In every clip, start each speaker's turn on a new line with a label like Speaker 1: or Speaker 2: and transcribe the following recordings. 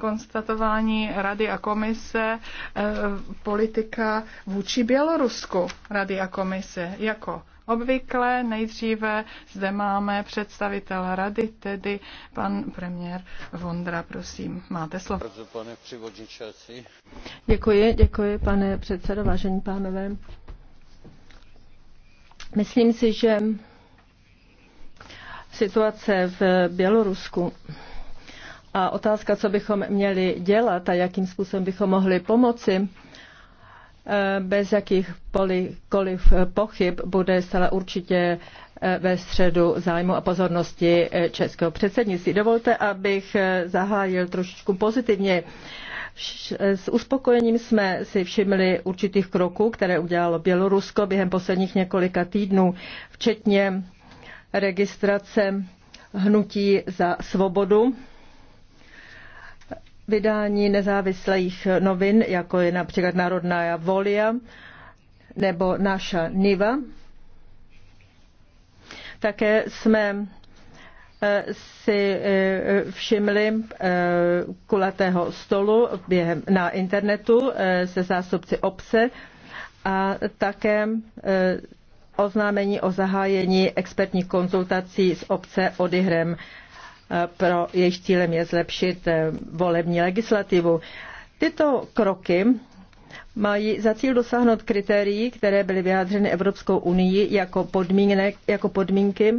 Speaker 1: konstatování Rady a komise eh, politika vůči Bělorusku Rady a komise jako Obvykle nejdříve zde máme představitel rady, tedy pan premiér Vondra, prosím, máte slovo. Děkuji, děkuji, pane předsedo,
Speaker 2: vážení pánové. Myslím si, že situace v Bělorusku a otázka, co bychom měli dělat a jakým způsobem bychom mohli pomoci, eh, bez jakýchkoliv eh, pochyb bude stále určitě eh, ve středu zájmu a pozornosti českého předsednictví. Dovolte, abych zahájil trošičku pozitivně. S uspokojením jsme si všimli určitých kroků, které udělalo Bělorusko během posledních několika týdnů, včetně registrace hnutí za svobodu vydání nezávislých novin, jako je například Národná volia nebo Naša Niva. Také jsme eh, si eh, všimli eh, kulatého stolu během na internetu se zástupci obce a také oznámení o zahájení expertních konzultací s obce Odyhrem pro jejich cílem je zlepšit eh, volební legislativu. Tyto kroky mají za cíl dosáhnout kritérií, které byly vyjádřeny Evropskou unii jako, jako podmínky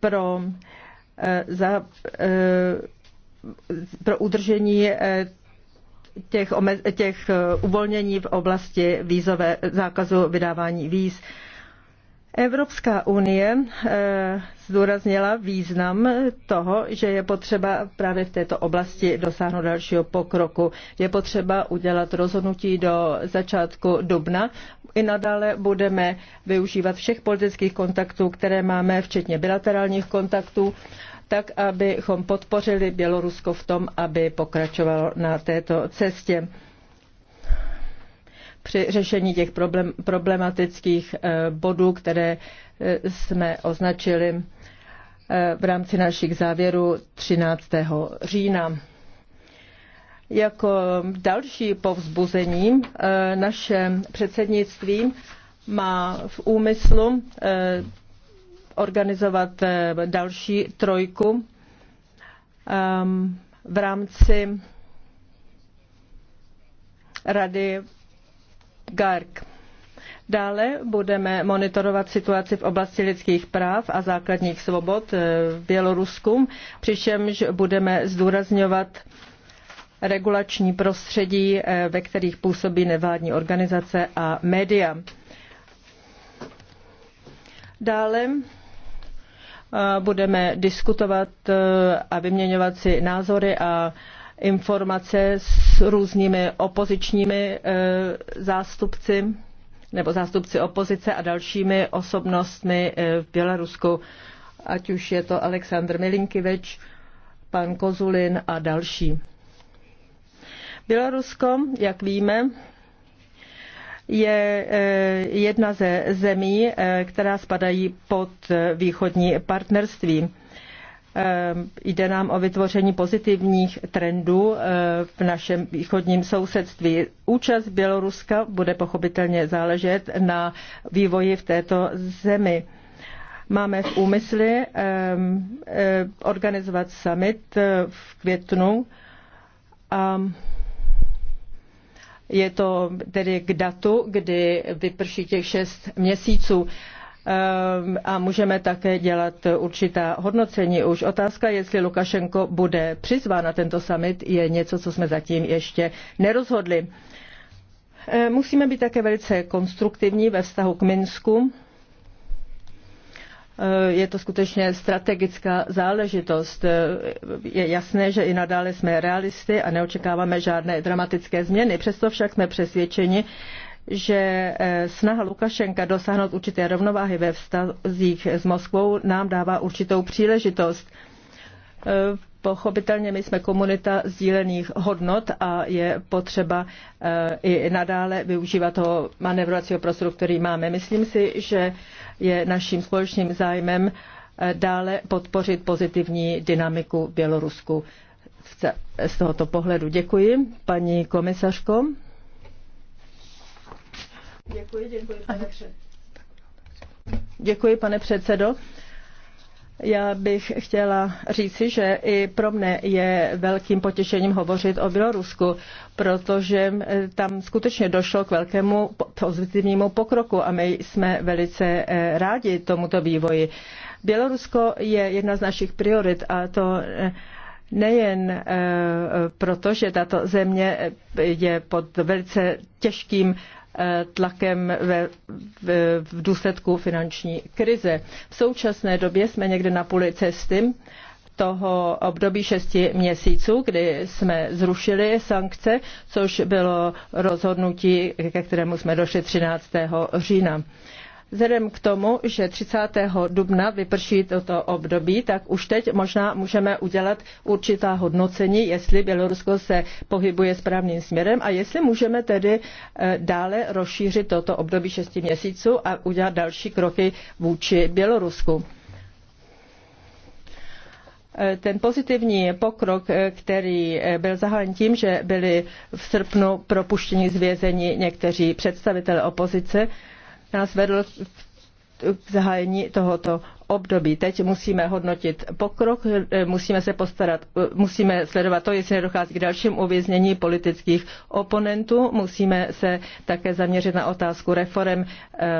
Speaker 2: pro, eh, za, eh, pro udržení těch, těch uvolnění v oblasti vízové, zákazu vydávání víz. Evropská unie eh, zdůraznila význam toho, že je potřeba právě v této oblasti dosáhnout dalšího pokroku. Je potřeba udělat rozhodnutí do začátku dubna. I nadále budeme využívat všech politických kontaktů, které máme, včetně bilaterálních kontaktů, tak, abychom podpořili Bělorusko v tom, aby pokračovalo na této cestě při řešení těch problem, problematických eh, bodů, které eh, jsme označili eh, v rámci našich závěrů 13. října. Jako další povzbuzení naše předsednictví má v úmyslu organizovat další trojku v rámci Rady GARC. Dále budeme monitorovat situaci v oblasti lidských práv a základních svobod eh, v Bělorusku, přičemž budeme zdůrazňovat regulační prostředí, eh, ve kterých působí nevládní organizace a média. Dále eh, budeme diskutovat a vyměňovat si názory a informace s různými opozičními eh, zástupci nebo zástupci opozice a dalšími osobnostmi eh, v Bělorusku, ať už je to Aleksandr Milinkivič, pan Kozulin a další. Bělorusko, jak víme, je eh, jedna ze zemí, která spadají pod východní partnerství. Ehm, jde nám o vytvoření pozitivních trendů ehm, v našem východním sousedství. Účast Běloruska bude pochopitelně záležet na vývoji v této zemi. Máme v úmysli ehm, eh, organizovat summit eh, v květnu a je to tedy k datu, kdy vyprší těch šest měsíců. Ehm, a můžeme také dělat určitá hodnocení. Už otázka, jestli Lukašenko bude přizván na tento summit, je něco, co jsme zatím ještě nerozhodli. Ehm, musíme být také velice konstruktivní ve vztahu k Minsku. Ehm, je to skutečně strategická záležitost. Je jasné, že i nadále jsme realisty a neočekáváme žádné dramatické změny. Přesto však jsme přesvědčeni, že eh, snaha Lukašenka dosáhnout určité rovnováhy ve vztazích s Moskvou nám dává určitou příležitost. Eh, pochopitelně my jsme komunita sdílených hodnot a je potřeba eh, i nadále využívat toho manevrovacího prostoru, který máme. Myslím si, že je naším společným zájmem dále podpořit pozitivní dynamiku Bělorusku z tohoto pohledu. Děkuji, paní komisařko. Děkuji, děkuji, pane předsedo. Děkuji, pane předsedo. Já bych chtěla říci, že i pro mne je velkým potěšením hovořit o Bělorusku, protože tam skutečně došlo k velkému pozitivnímu pokroku a my jsme velice eh, rádi tomuto vývoji. Bělorusko je jedna z našich priorit a to eh, nejen eh, proto, že tato země je pod velice těžkým tlakem ve, v, v důsledku finanční krize. V současné době jsme někde na půli cesty toho období šesti měsíců, kdy jsme zrušili sankce, což bylo rozhodnutí, ke kterému jsme došli 13. října. Vzhledem k tomu, že 30. dubna vyprší toto období, tak už teď možná můžeme udělat určitá hodnocení, jestli Bělorusko se pohybuje správným směrem a jestli můžeme tedy eh, dále rozšířit toto období 6 měsíců a udělat další kroky vůči Bělorusku eh, ten pozitivní pokrok, eh, který byl zahájen tím, že byli v srpnu propuštěni z vězení někteří představitelé opozice, nás vedl k zahájení tohoto období. Teď musíme hodnotit pokrok, eh, musíme se postarat, eh, musíme sledovat to, jestli nedochází k dalším uvěznění politických oponentů, musíme se také zaměřit na otázku reform eh,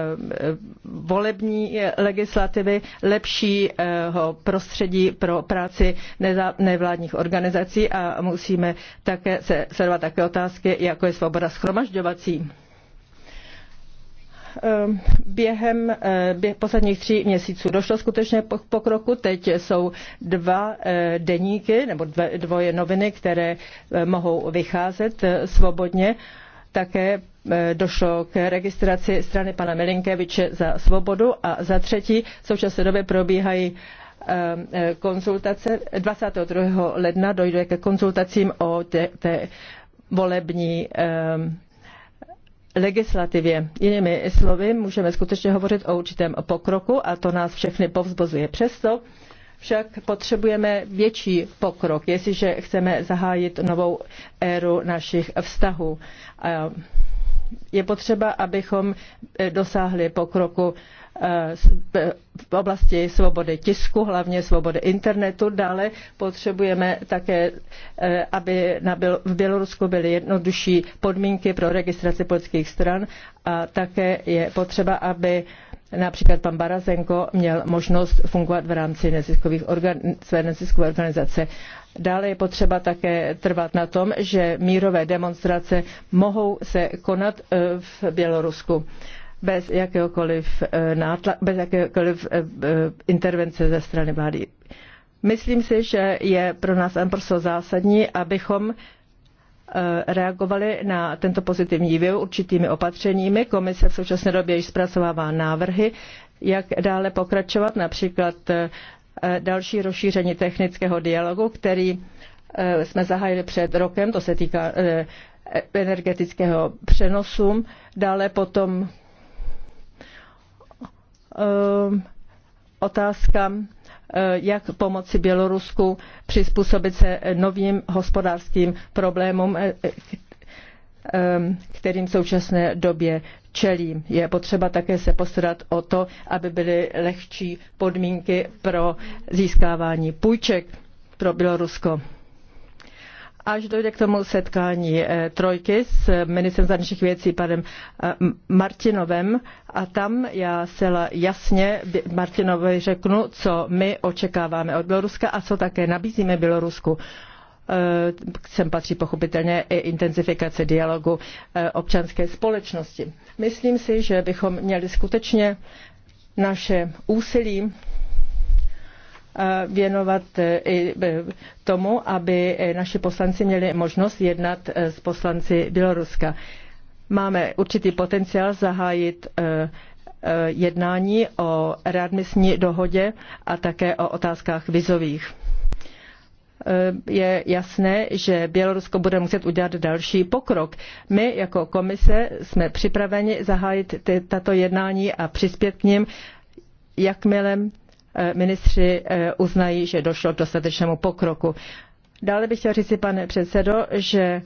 Speaker 2: volební legislativy, lepšího prostředí pro práci nevládních organizací a musíme také se sledovat také otázky, jako je svoboda schromažďovací. Ehm, během eh, posledních tří měsíců došlo skutečně pokroku. Teď jsou dva eh, deníky nebo dvoje noviny, které eh, mohou vycházet svobodně. Také došlo k registraci strany pana Milinkeviče za svobodu a za třetí v současné době probíhají ehm, konzultace. 22. ledna dojde ke konzultacím o té, té volební um, legislativě. Jinými slovy, můžeme skutečně hovořit o určitém pokroku a to nás všechny povzbuzuje. Přesto však potřebujeme větší pokrok, jestliže chceme zahájit novou éru našich vztahů. Je potřeba, abychom dosáhli pokroku Eh, v oblasti svobody tisku, hlavně svobody internetu. Dále potřebujeme také, eh, aby v Bělorusku byly jednodušší podmínky pro registraci politických stran a také je potřeba, aby například pan Barazenko měl možnost fungovat v rámci neziskových organ, své neziskové organizace. Dále je potřeba také trvat na tom, že mírové demonstrace mohou se konat eh, v Bělorusku bez jakéhokoliv, eh, nátla, bez jakéhokoliv eh, eh, intervence ze strany vlády. Myslím si, že je pro nás naprosto zásadní, abychom reagovali na tento pozitivní vývoj určitými opatřeními. Komise v současné době již zpracovává návrhy, jak dále pokračovat, například další rozšíření technického dialogu, který jsme zahájili před rokem, to se týká energetického přenosu, dále potom Ehm, otázka, eh, jak pomoci Bělorusku přizpůsobit se novým hospodářským problémům, eh, ehm, kterým v současné době čelí. Je potřeba také se postarat o to, aby byly lehčí podmínky pro získávání půjček pro Bělorusko až dojde k tomu setkání eh, trojky s ministrem zahraničních věcí panem eh, Martinovem a tam já zcela jasně Martinovi řeknu, co my očekáváme od Běloruska a co také nabízíme Bělorusku eh, sem patří pochopitelně i intenzifikace dialogu občanské společnosti. Myslím si, že bychom měli skutečně naše úsilí Eh, věnovat eh, i eh, tomu, aby naši poslanci měli možnost jednat s poslanci Běloruska. Máme určitý potenciál zahájit jednání o readmisní dohodě a také o otázkách vizových je jasné, že Bělorusko bude muset udělat další pokrok. My jako komise jsme připraveni zahájit tato jednání a přispět k ním, jakmile Eh, ministři eh, uznají, že došlo k dostatečnému pokroku. Dále bych chtěl říci, pane předsedo, že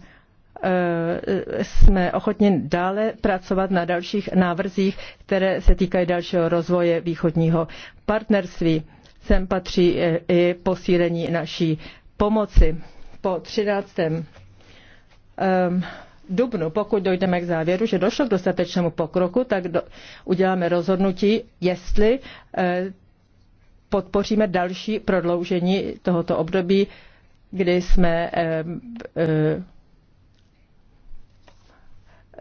Speaker 2: eh, jsme ochotni dále pracovat na dalších návrzích, které se týkají dalšího rozvoje východního partnerství. Sem patří i posílení naší pomoci. Po 13. Ehm, dubnu, pokud dojdeme k závěru, že došlo k dostatečnému pokroku, tak uděláme rozhodnutí, jestli podpoříme další prodloužení tohoto období, kdy jsme eh, eh,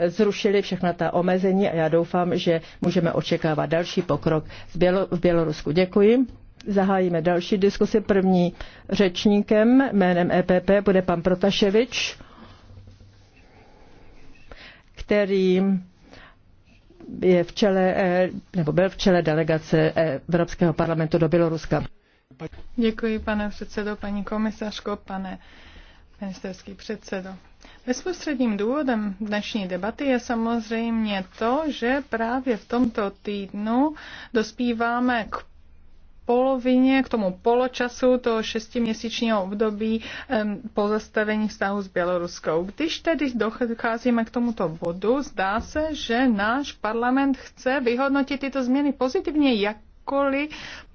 Speaker 2: zrušili všechna ta omezení a já doufám, že můžeme očekávat další pokrok v Bělorusku. Děkuji. Zahájíme další diskusi. První řečníkem jménem EPP bude pan Protaševič, který je v čele, eh, nebo byl v čele delegace eh, Evropského parlamentu do Běloruska.
Speaker 1: Děkuji, pane předsedo, paní komisařko, pane ministerský předsedo. Bezprostředním důvodem dnešní debaty je samozřejmě to, že právě v tomto týdnu dospíváme k polovině, k tomu poločasu toho šestiměsíčního období pozastavení vztahu s Běloruskou. Když tedy docházíme k tomuto bodu, zdá se, že náš parlament chce vyhodnotit tyto změny pozitivně, jakkoliv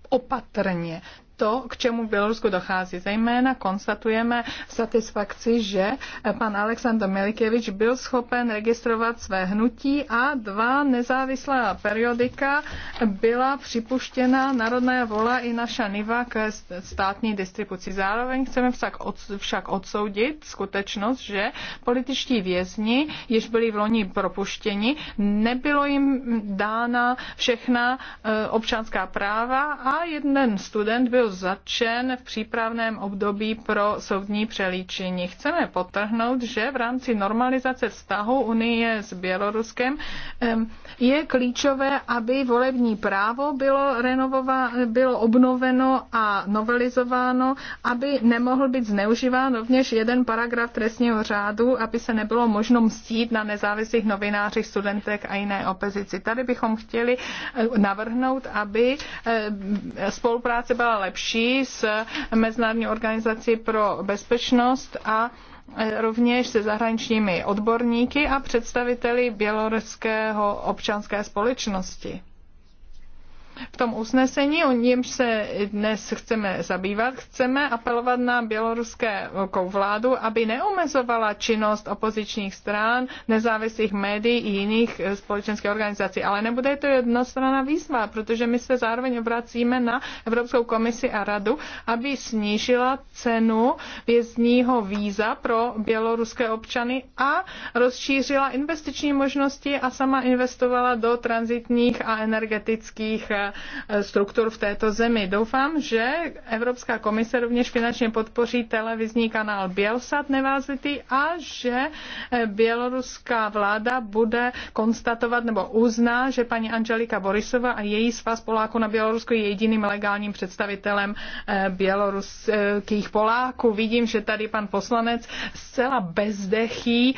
Speaker 1: opatrně to, k čemu v Bělorusku dochází. Zejména konstatujeme satisfakci, že pan Aleksandr Milikevič byl schopen registrovat své hnutí a dva nezávislá periodika byla připuštěna Narodná vola i naša Niva k státní distribuci. Zároveň chceme však, však odsoudit skutečnost, že političtí vězni, jež byli v loni propuštěni, nebylo jim dána všechna eh, občanská práva a jeden student byl byl začen v přípravném období pro soudní přelíčení. Chceme potrhnout, že v rámci normalizace vztahu Unie s Běloruskem je klíčové, aby volební právo bylo, renovová, bylo obnoveno a novelizováno, aby nemohl být zneužíván rovněž jeden paragraf trestního řádu, aby se nebylo možno mstít na nezávislých novinářích, studentech a jiné opozici. Tady bychom chtěli eh, navrhnout, aby eh, spolupráce byla lepší lepší s Mezinárodní organizací pro bezpečnost a e, rovněž se zahraničními odborníky a představiteli běloruského občanské společnosti. V tom usnesení, o němž se dnes chceme zabývat, chceme apelovat na běloruské vládu, aby neomezovala činnost opozičních stran, nezávislých médií i jiných eh, společenských organizací. Ale nebude to jednostranná výzva, protože my se zároveň obracíme na Evropskou komisi a radu, aby snížila cenu vězního víza pro běloruské občany a rozšířila investiční možnosti a sama investovala do transitních a energetických eh, Eh, struktur v této zemi. Doufám, že Evropská komise rovněž finančně podpoří televizní kanál Bělsat nevázlitý a že eh, běloruská vláda bude konstatovat nebo uzná, že paní Angelika Borisova a její svaz Poláků na Bělorusku je jediným legálním představitelem eh, běloruských Poláků. Vidím, že tady pan poslanec zcela bezdechý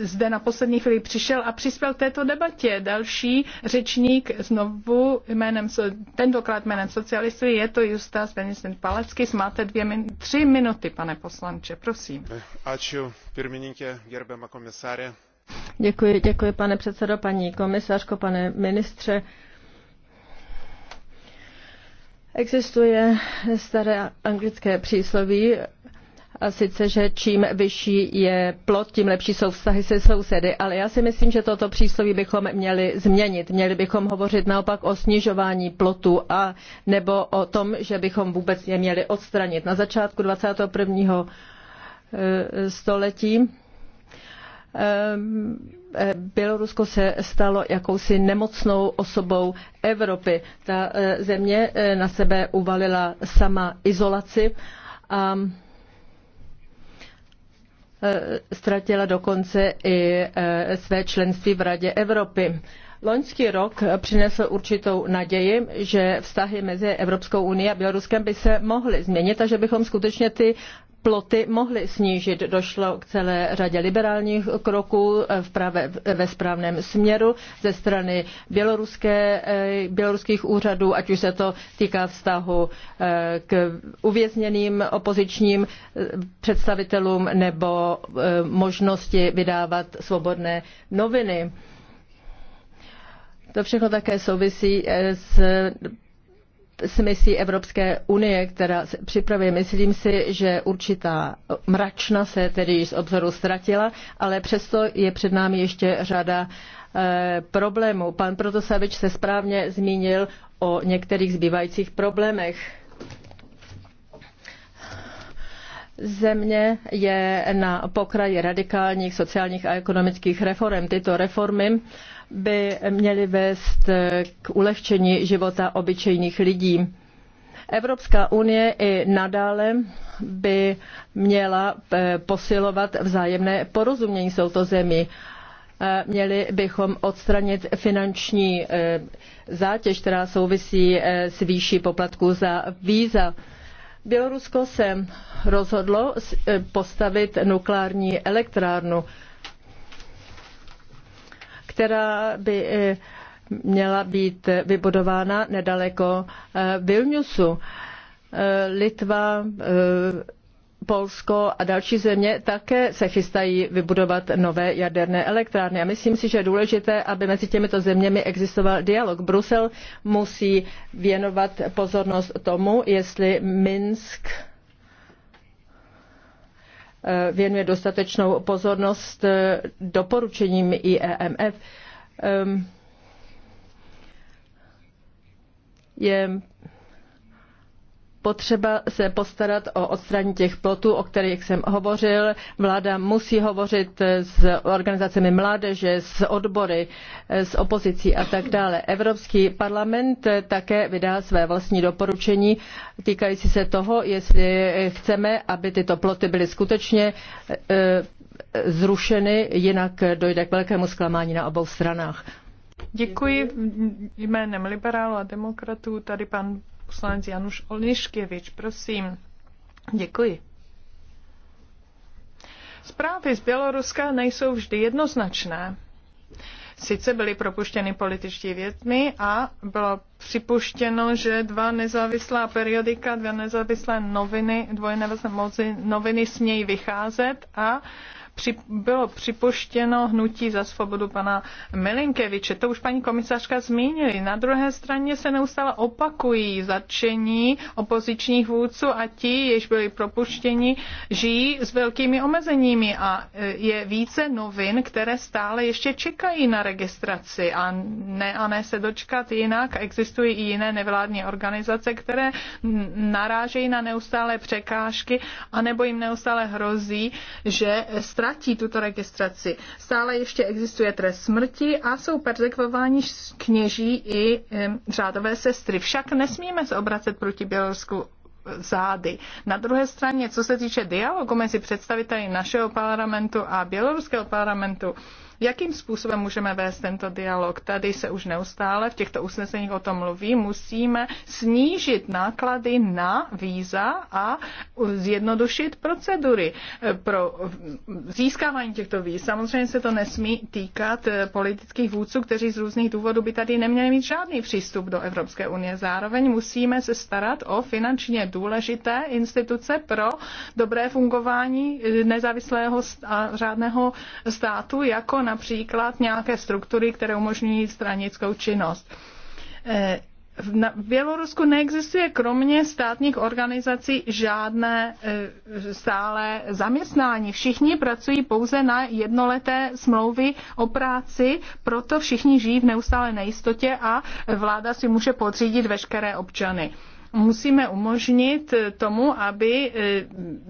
Speaker 1: zde na poslední chvíli přišel a přispěl k této debatě. Další řečník znovu jménem jménem, tentokrát jménem socialistů, je to Justa Benisen Palecký. Máte dvě min, tři minuty, pane poslanče, prosím.
Speaker 3: Ačiu,
Speaker 4: pirmininkė, gerbema komisáře.
Speaker 1: Děkuji, děkuji, pane předsedo, paní komisařko,
Speaker 2: pane ministře. Existuje staré anglické přísloví, a sice, že čím vyšší je plot, tím lepší jsou vztahy se sousedy. Ale já si myslím, že toto přísloví bychom měli změnit. Měli bychom hovořit naopak o snižování plotu a nebo o tom, že bychom vůbec je měli odstranit. Na začátku 21. Eh, století eh, eh, Bělorusko se stalo jakousi nemocnou osobou Evropy. Ta země na sebe uvalila sama izolaci a Eh, ztratila dokonce i eh, své členství v Radě Evropy. Loňský rok přinesl určitou naději, že vztahy mezi Evropskou unií a Běloruskem by se mohly změnit a že bychom skutečně ty ploty mohly snížit. Došlo k celé řadě liberálních kroků eh, v pravé, ve správném směru ze strany běloruské, eh, běloruských úřadů, ať už se to týká vztahu eh, k uvězněným opozičním představitelům nebo možnosti vydávat svobodné noviny. To všechno také souvisí s s misí Evropské unie, která se připravuje. Myslím si, že určitá mračna se tedy z obzoru ztratila, ale přesto je před námi ještě řada e, problémů. Pan Protosavič se správně zmínil o některých zbývajících problémech Země je na pokraji radikálních sociálních a ekonomických reform. Tyto reformy by měly vést k ulehčení života obyčejných lidí. Evropská unie i nadále by měla eh, posilovat vzájemné porozumění s touto zemí. Eh, měli bychom odstranit finanční eh, zátěž, která souvisí s výší poplatků za víza Bělorusko se rozhodlo e, postavit nukleární elektrárnu, která by e, měla být vybudována nedaleko e, Vilniusu. Litva Polsko a další země také se chystají vybudovat nové jaderné elektrárny. A myslím si, že je důležité, aby mezi těmito zeměmi existoval dialog. Brusel musí věnovat pozornost tomu, jestli Minsk eh, věnuje dostatečnou pozornost eh, doporučením IEMF. Ehm, je potřeba se postarat o odstranění těch plotů, o kterých jsem hovořil. Vláda musí hovořit s organizacemi mládeže, s odbory, s opozicí a tak dále. Evropský parlament také vydá své vlastní doporučení týkající se toho, jestli chceme, aby tyto ploty byly skutečně e, zrušeny, jinak dojde k velkému zklamání na obou stranách.
Speaker 1: Děkuji jménem liberálů a demokratů. Tady pan poslanec Januš Olniškěvič, prosím. Děkuji. Zprávy z Běloruska nejsou vždy jednoznačné. Sice byly propuštěny političtí větmi a bylo připuštěno, že dva nezávislá periodika, dva nezávislé noviny, nezávislé noviny smějí vycházet a při, bylo připuštěno hnutí za svobodu pana Melinkeviče. To už paní komisařka zmínili. Na druhé straně se neustále opakují zatčení opozičních vůdců a ti, jež byli propuštěni, žijí s velkými omezeními a e, je více novin, které stále ještě čekají na registraci a ne a ne se dočkat jinak. Existují i jiné nevládní organizace, které narážejí na neustále překážky anebo jim neustále hrozí, že ztratí tuto registraci. Stále ještě existuje trest smrti a jsou perzekvováni kněží i řádové sestry. Však nesmíme se obracet proti Bělorusku zády. Na druhé straně, co se týče dialogu mezi představiteli našeho parlamentu a běloruského parlamentu, Jakým způsobem můžeme vést tento dialog? Tady se už neustále v těchto usneseních o tom mluví. Musíme snížit náklady na víza a zjednodušit procedury pro získávání těchto víz. Samozřejmě se to nesmí týkat politických vůdců, kteří z různých důvodů by tady neměli mít žádný přístup do Evropské unie. Zároveň musíme se starat o finančně důležité instituce pro dobré fungování nezávislého a řádného státu, jako například nějaké struktury, které umožňují stranickou činnost. E, v Bělorusku neexistuje kromě státních organizací žádné e, stále zaměstnání. Všichni pracují pouze na jednoleté smlouvy o práci, proto všichni žijí v neustále nejistotě a vláda si může podřídit veškeré občany musíme umožnit tomu, aby e,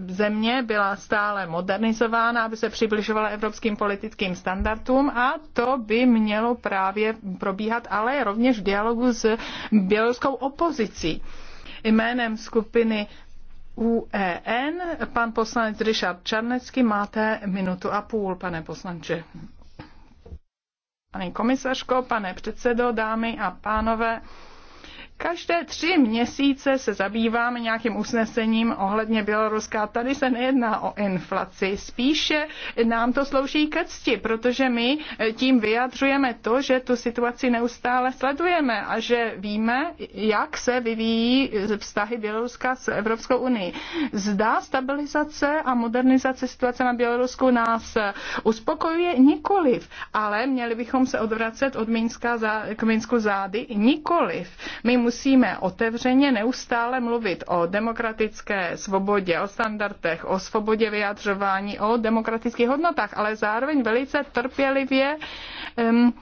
Speaker 1: země byla stále modernizována, aby se přibližovala evropským politickým standardům a to by mělo právě probíhat, ale rovněž v dialogu s běloruskou opozicí. Jménem skupiny UEN pan poslanec Richard Čarnecký máte minutu a půl, pane poslanče. pane komisařko, pane předsedo, dámy a pánové, Každé tři měsíce se zabýváme nějakým usnesením ohledně Běloruska. Tady se nejedná o inflaci, spíše nám to slouží ke cti, protože my eh, tím vyjadřujeme to, že tu situaci neustále sledujeme a že víme, jak se vyvíjí vztahy Běloruska s Evropskou unii. Zdá stabilizace a modernizace situace na Bělorusku nás eh, uspokojuje nikoliv, ale měli bychom se odvracet od Minska za, k Minsku zády nikoliv. My musíme otevřeně neustále mluvit o demokratické svobodě, o standardech, o svobodě vyjadřování, o demokratických hodnotách, ale zároveň velice trpělivě um,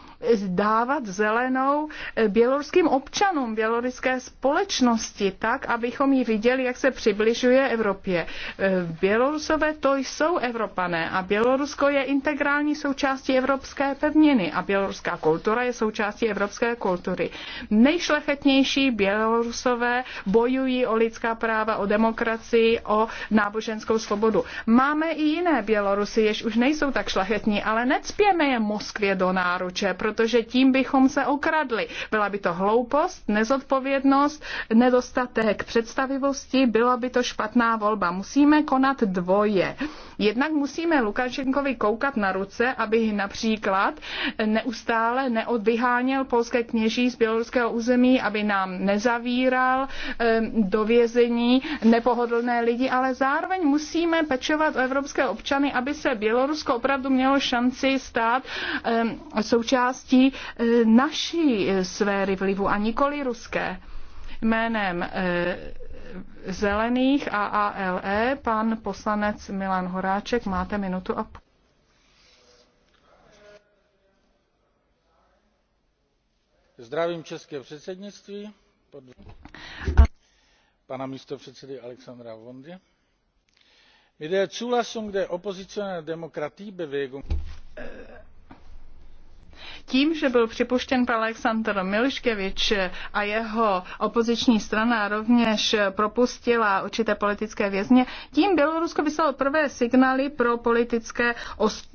Speaker 1: dávat zelenou eh, běloruským občanům, běloruské společnosti, tak, abychom ji viděli, jak se přibližuje Evropě. Eh, Bělorusové to jsou Evropané a Bělorusko je integrální součástí evropské pevniny a běloruská kultura je součástí evropské kultury. Nejšlechetnější Bělorusové bojují o lidská práva, o demokracii, o náboženskou svobodu. Máme i jiné Bělorusy, jež už nejsou tak šlechetní, ale necpěme je Moskvě do náruče, protože tím bychom se okradli. Byla by to hloupost, nezodpovědnost, nedostatek představivosti, byla by to špatná volba. Musíme konat dvoje. Jednak musíme Lukašenkovi koukat na ruce, aby například neustále neodvyháněl polské kněží z běloruského území, aby nám nezavíral do vězení nepohodlné lidi, ale zároveň musíme pečovat o evropské občany, aby se Bělorusko opravdu mělo šanci stát součástí součástí e, naší e, sféry vlivu a nikoli ruské. Jménem e, Zelených a ALE pan poslanec Milan Horáček, máte minutu a půl. Zdravím české předsednictví pod... pana předsedy Alexandra Vondy. Mit der Zulassung der Oppositionellen Demokratiebewegung tím, že byl připuštěn pan Aleksandr Miliškevič a jeho opoziční strana rovněž propustila určité politické vězně, tím Bělorusko vyslalo prvé signály pro politické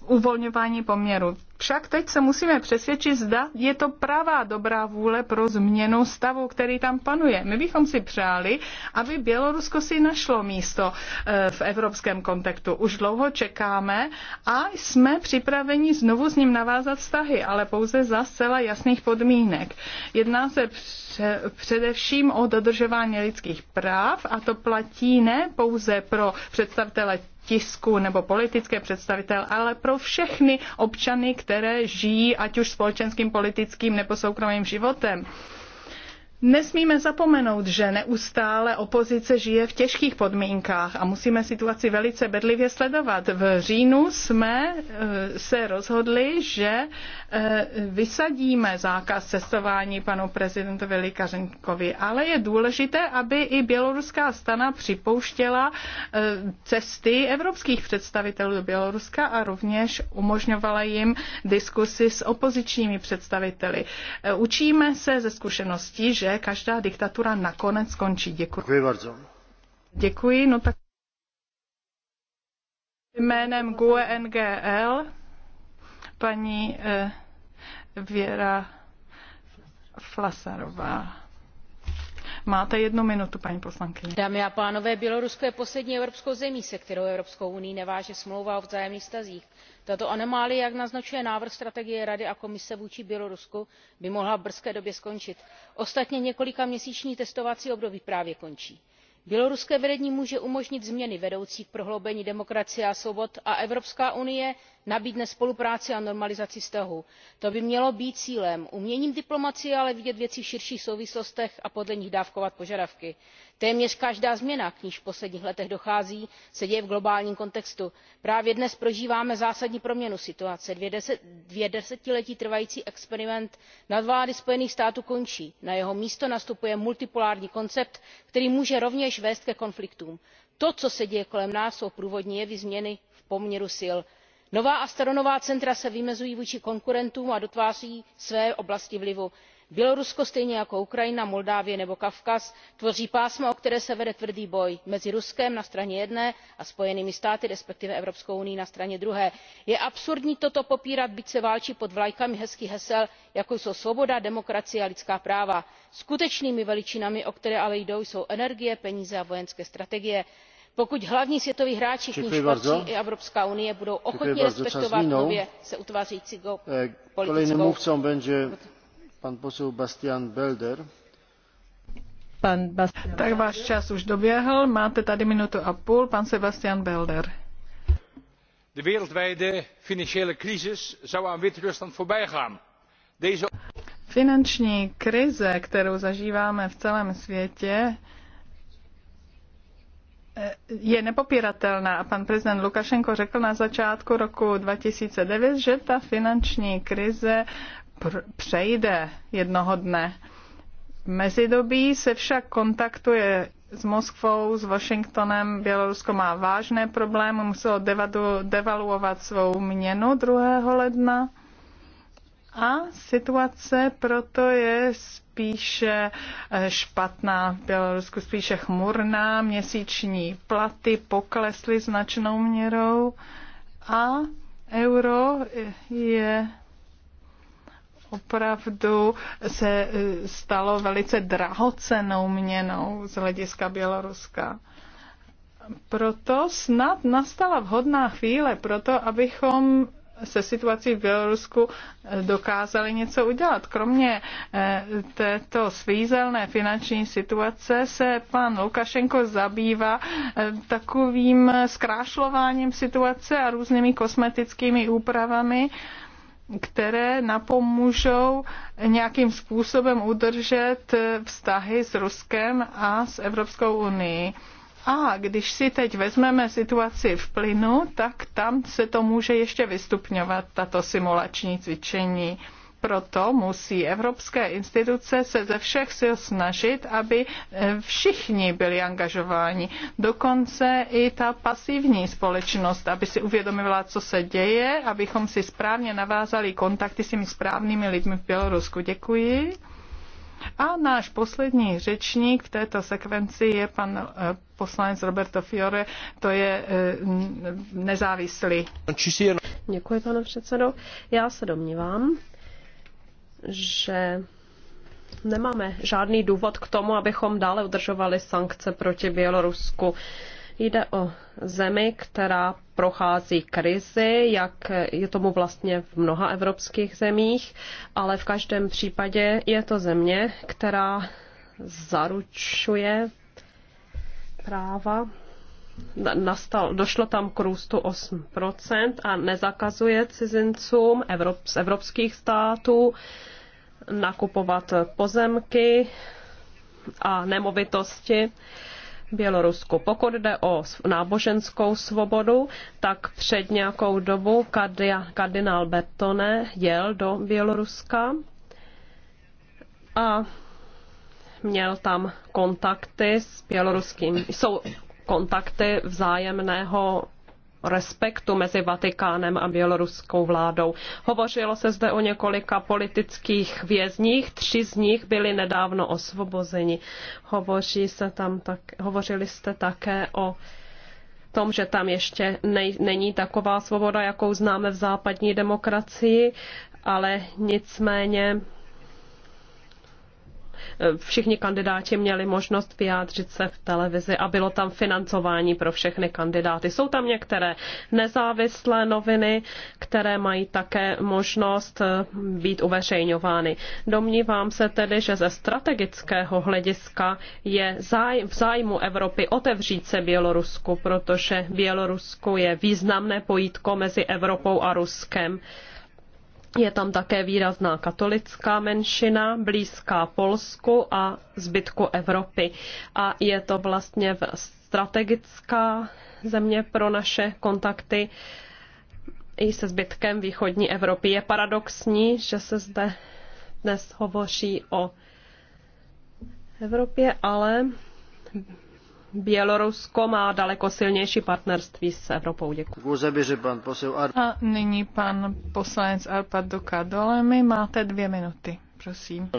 Speaker 1: uvolňování poměru. Však teď se musíme přesvědčit, zda je to pravá dobrá vůle pro změnu stavu, který tam panuje. My bychom si přáli, aby Bělorusko si našlo místo eh, v evropském kontextu. Už dlouho čekáme a jsme připraveni znovu s ním navázat vztahy, ale pouze za zcela jasných podmínek. Jedná se především o dodržování lidských práv a to platí ne pouze pro představitele tisku nebo politické představitel, ale pro všechny občany, které žijí ať už společenským, politickým nebo soukromým životem. Nesmíme zapomenout, že neustále opozice žije v těžkých podmínkách a musíme situaci velice bedlivě sledovat. V říjnu jsme eh, se rozhodli, že Eh, vysadíme zákaz cestování panu prezidentovi Likařenkovi, ale je důležité, aby i běloruská strana připouštěla eh, cesty evropských představitelů do Běloruska a rovněž umožňovala jim diskusy s opozičními představiteli. Eh, učíme se ze zkušeností, že každá diktatura nakonec skončí. Děkuji. Děkuji no tak jménem GUE NGL paní eh, Věra Flasarová. Máte jednu minutu, paní poslankyně.
Speaker 3: Dámy a pánové, Bělorusko je poslední evropskou zemí, se kterou Evropskou unii neváže smlouva o vzájemných stazích. Tato anomálie, jak naznačuje návrh strategie Rady a komise vůči Bělorusku, by mohla v brzké době skončit. Ostatně několika měsíční testovací období právě končí běloruské vedení může umožnit změny vedoucí k prohloubení demokracie a svobod a evropská unie nabídne spolupráci a normalizaci vztahů. to by mělo být cílem. uměním diplomacie ale vidět věci v širších souvislostech a podle nich dávkovat požadavky. téměř každá změna k níž v posledních letech dochází se děje v globálním kontextu. právě dnes prožíváme zásadní proměnu situace. dvě desetiletí trvající experiment nadvlády spojených států končí na jeho místo nastupuje multipolární koncept který může rovněž vést ke konfliktům. to co se děje kolem nás jsou průvodní jevy změny v poměru sil nová a staronová centra se vymezují vůči konkurentům a dotváří své oblasti vlivu. bělorusko stejně jako ukrajina moldavsko nebo kavkaz tvoří pásmo o které se vede tvrdý boj mezi ruskem na straně jedné a spojenými státy respektive evropskou unií na straně druhé. je absurdní toto popírat byť se válčí pod vlajkami hezkých hesel jako jsou svoboda demokracie a lidská práva. skutečnými veličinami o které ale jde jsou energie peníze a vojenské strategie pokud hlavní světoví hráči k nimž patří i evropská unie budou ochotni respektovat nově se utvářející eh, politickou
Speaker 1: tak váš čas už Máte tady minutu a půl. Pan Sebastian Finanční krize, kterou zažíváme v celém světě, Eh, je nepopíratelná a pan prezident Lukašenko řekl na začátku roku 2009, že ta finanční krize přejde jednoho dne. V mezidobí se však kontaktuje s Moskvou, s Washingtonem. Bělorusko má vážné problémy, muselo devalu, devaluovat svou měnu 2. ledna. A situace proto je spíše eh, špatná v Bělorusku, spíše chmurná, měsíční platy poklesly značnou měrou a euro je opravdu se eh, stalo velice drahocenou měnou z hlediska Běloruska. Proto snad nastala vhodná chvíle pro to, abychom se situací v Bělorusku eh, dokázali něco udělat. Kromě eh, této svízelné finanční situace se pan Lukašenko zabývá eh, takovým zkrášlováním situace a různými kosmetickými úpravami, které napomůžou nějakým způsobem udržet vztahy s Ruskem a s Evropskou unii a když si teď vezmeme situaci v plynu, tak tam se to může ještě vystupňovat, tato simulační cvičení. Proto musí evropské instituce se ze všech sil snažit, aby eh, všichni byli angažováni. Dokonce i ta pasivní společnost, aby si uvědomila, co se děje, abychom si správně navázali kontakty s těmi správnými lidmi v Bělorusku. Děkuji. A náš poslední řečník v této sekvenci je pan eh, poslanec Roberto Fiore, to je eh, nezávislý. Děkuji, pane předsedo. Já se domnívám, že
Speaker 4: nemáme žádný důvod k tomu, abychom dále udržovali sankce proti Bělorusku. Jde o zemi, která prochází krizi, jak je tomu vlastně v mnoha evropských zemích, ale v každém případě je to země, která zaručuje práva. Nastal, došlo tam k růstu 8% a nezakazuje cizincům Evrop, z evropských států nakupovat pozemky a nemovitosti Bělorusku. Pokud jde o náboženskou svobodu, tak před nějakou dobu kardinál Bertone jel do Běloruska a měl tam kontakty s běloruským, jsou kontakty vzájemného respektu mezi Vatikánem a běloruskou vládou. Hovořilo se zde o několika politických vězních, tři z nich byli nedávno osvobozeni. Hovoří se tam tak, hovořili jste také o tom, že tam ještě nej, není taková svoboda, jakou známe v západní demokracii, ale nicméně všichni kandidáti měli možnost vyjádřit se v televizi a bylo tam financování pro všechny kandidáty. Jsou tam některé nezávislé noviny, které mají také možnost eh, být uveřejňovány. Domnívám se tedy, že ze strategického hlediska je v zájmu Evropy otevřít se Bělorusku, protože Bělorusko je významné pojítko mezi Evropou a Ruskem. Je tam také výrazná katolická menšina, blízká Polsku a zbytku Evropy. A je to vlastně strategická země pro naše kontakty i se zbytkem východní Evropy. Je paradoxní, že se zde dnes hovoří o Evropě, ale Bělorusko má daleko silnější partnerství s Evropou. Děkuji. A
Speaker 1: nyní pan poslanec Arpad Duka. Dole máte dvě minuty, prosím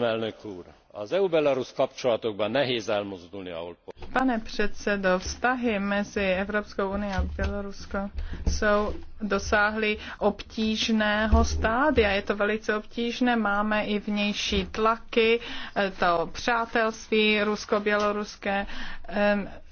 Speaker 1: pane předsedo vztahy mezi evropskou unií a běloruskem jsou dosáhly obtížného stadia Je to velice obtížné, máme i vnější tlaky, eh, to přátelství rusko-běloruské,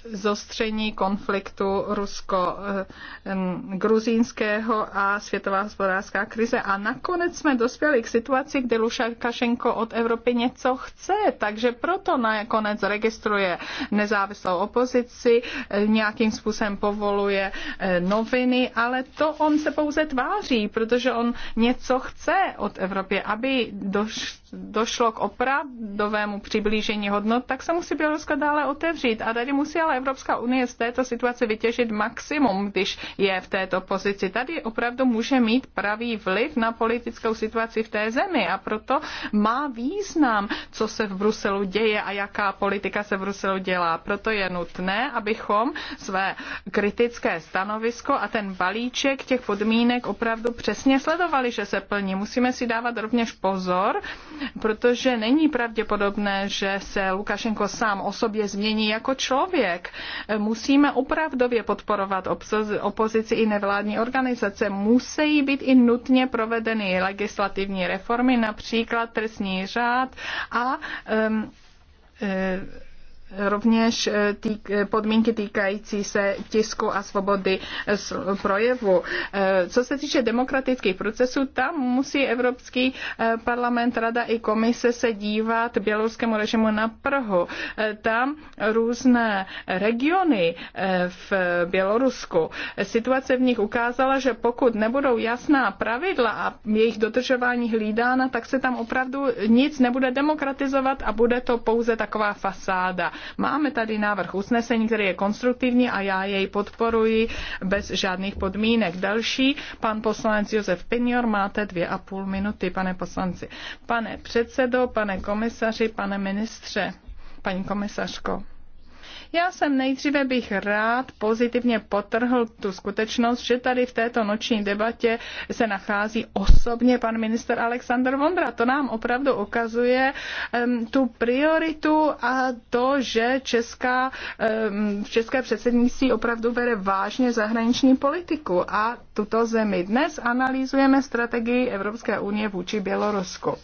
Speaker 1: zostření konfliktu rusko-gruzínského eh, a světová hospodářská krize. A nakonec jsme dospěli k situaci, kdy Lušenko od Evropy něco chce, takže proto nakonec registruje nezávislou opozici, eh, nějakým způsobem povoluje eh, noviny, ale to on se pouze tváří, protože on něco chce od Evropy, aby došlo došlo k opravdovému přiblížení hodnot, tak se musí Bělorusko dále otevřít. A tady musí měla Evropská unie z této situace vytěžit maximum, když je v této pozici. Tady opravdu může mít pravý vliv na politickou situaci v té zemi a proto má význam, co se v Bruselu děje a jaká politika se v Bruselu dělá. Proto je nutné, abychom své kritické stanovisko a ten balíček těch podmínek opravdu přesně sledovali, že se plní. Musíme si dávat rovněž pozor, protože není pravděpodobné, že se Lukašenko sám o sobě změní jako člověk výsledek. Musíme opravdově podporovat opozici i nevládní organizace. Musí být i nutně provedeny legislativní reformy, například trestní řád a um, um, rovněž eh, týk, eh, podmínky týkající se tisku a svobody eh, projevu. Co se týče demokratických procesů, tam musí Evropský parlament, Rada i komise se dívat běloruskému režimu na Prahu. Tam různé regiony v Bělorusku, situace v nich ukázala, že pokud nebudou jasná pravidla a jejich dodržování hlídána, tak se tam opravdu nic nebude demokratizovat a bude to pouze taková fasáda Máme tady návrh usnesení, který je konstruktivní a já jej podporuji bez žádných podmínek. Další, pan poslanec Josef Pinior, máte dvě a půl minuty, pane poslanci. Pane předsedo, pane komisaři, pane ministře, paní komisařko. Já jsem nejdříve bych rád pozitivně potrhl tu skutečnost, že tady v této noční debatě se nachází osobně pan minister Aleksandr Vondra. To nám opravdu ukazuje um, tu prioritu a to, že česká, um, české předsednictví opravdu bere vážně zahraniční politiku a tuto zemi. Dnes analýzujeme strategii Evropské unie vůči Bělorusku.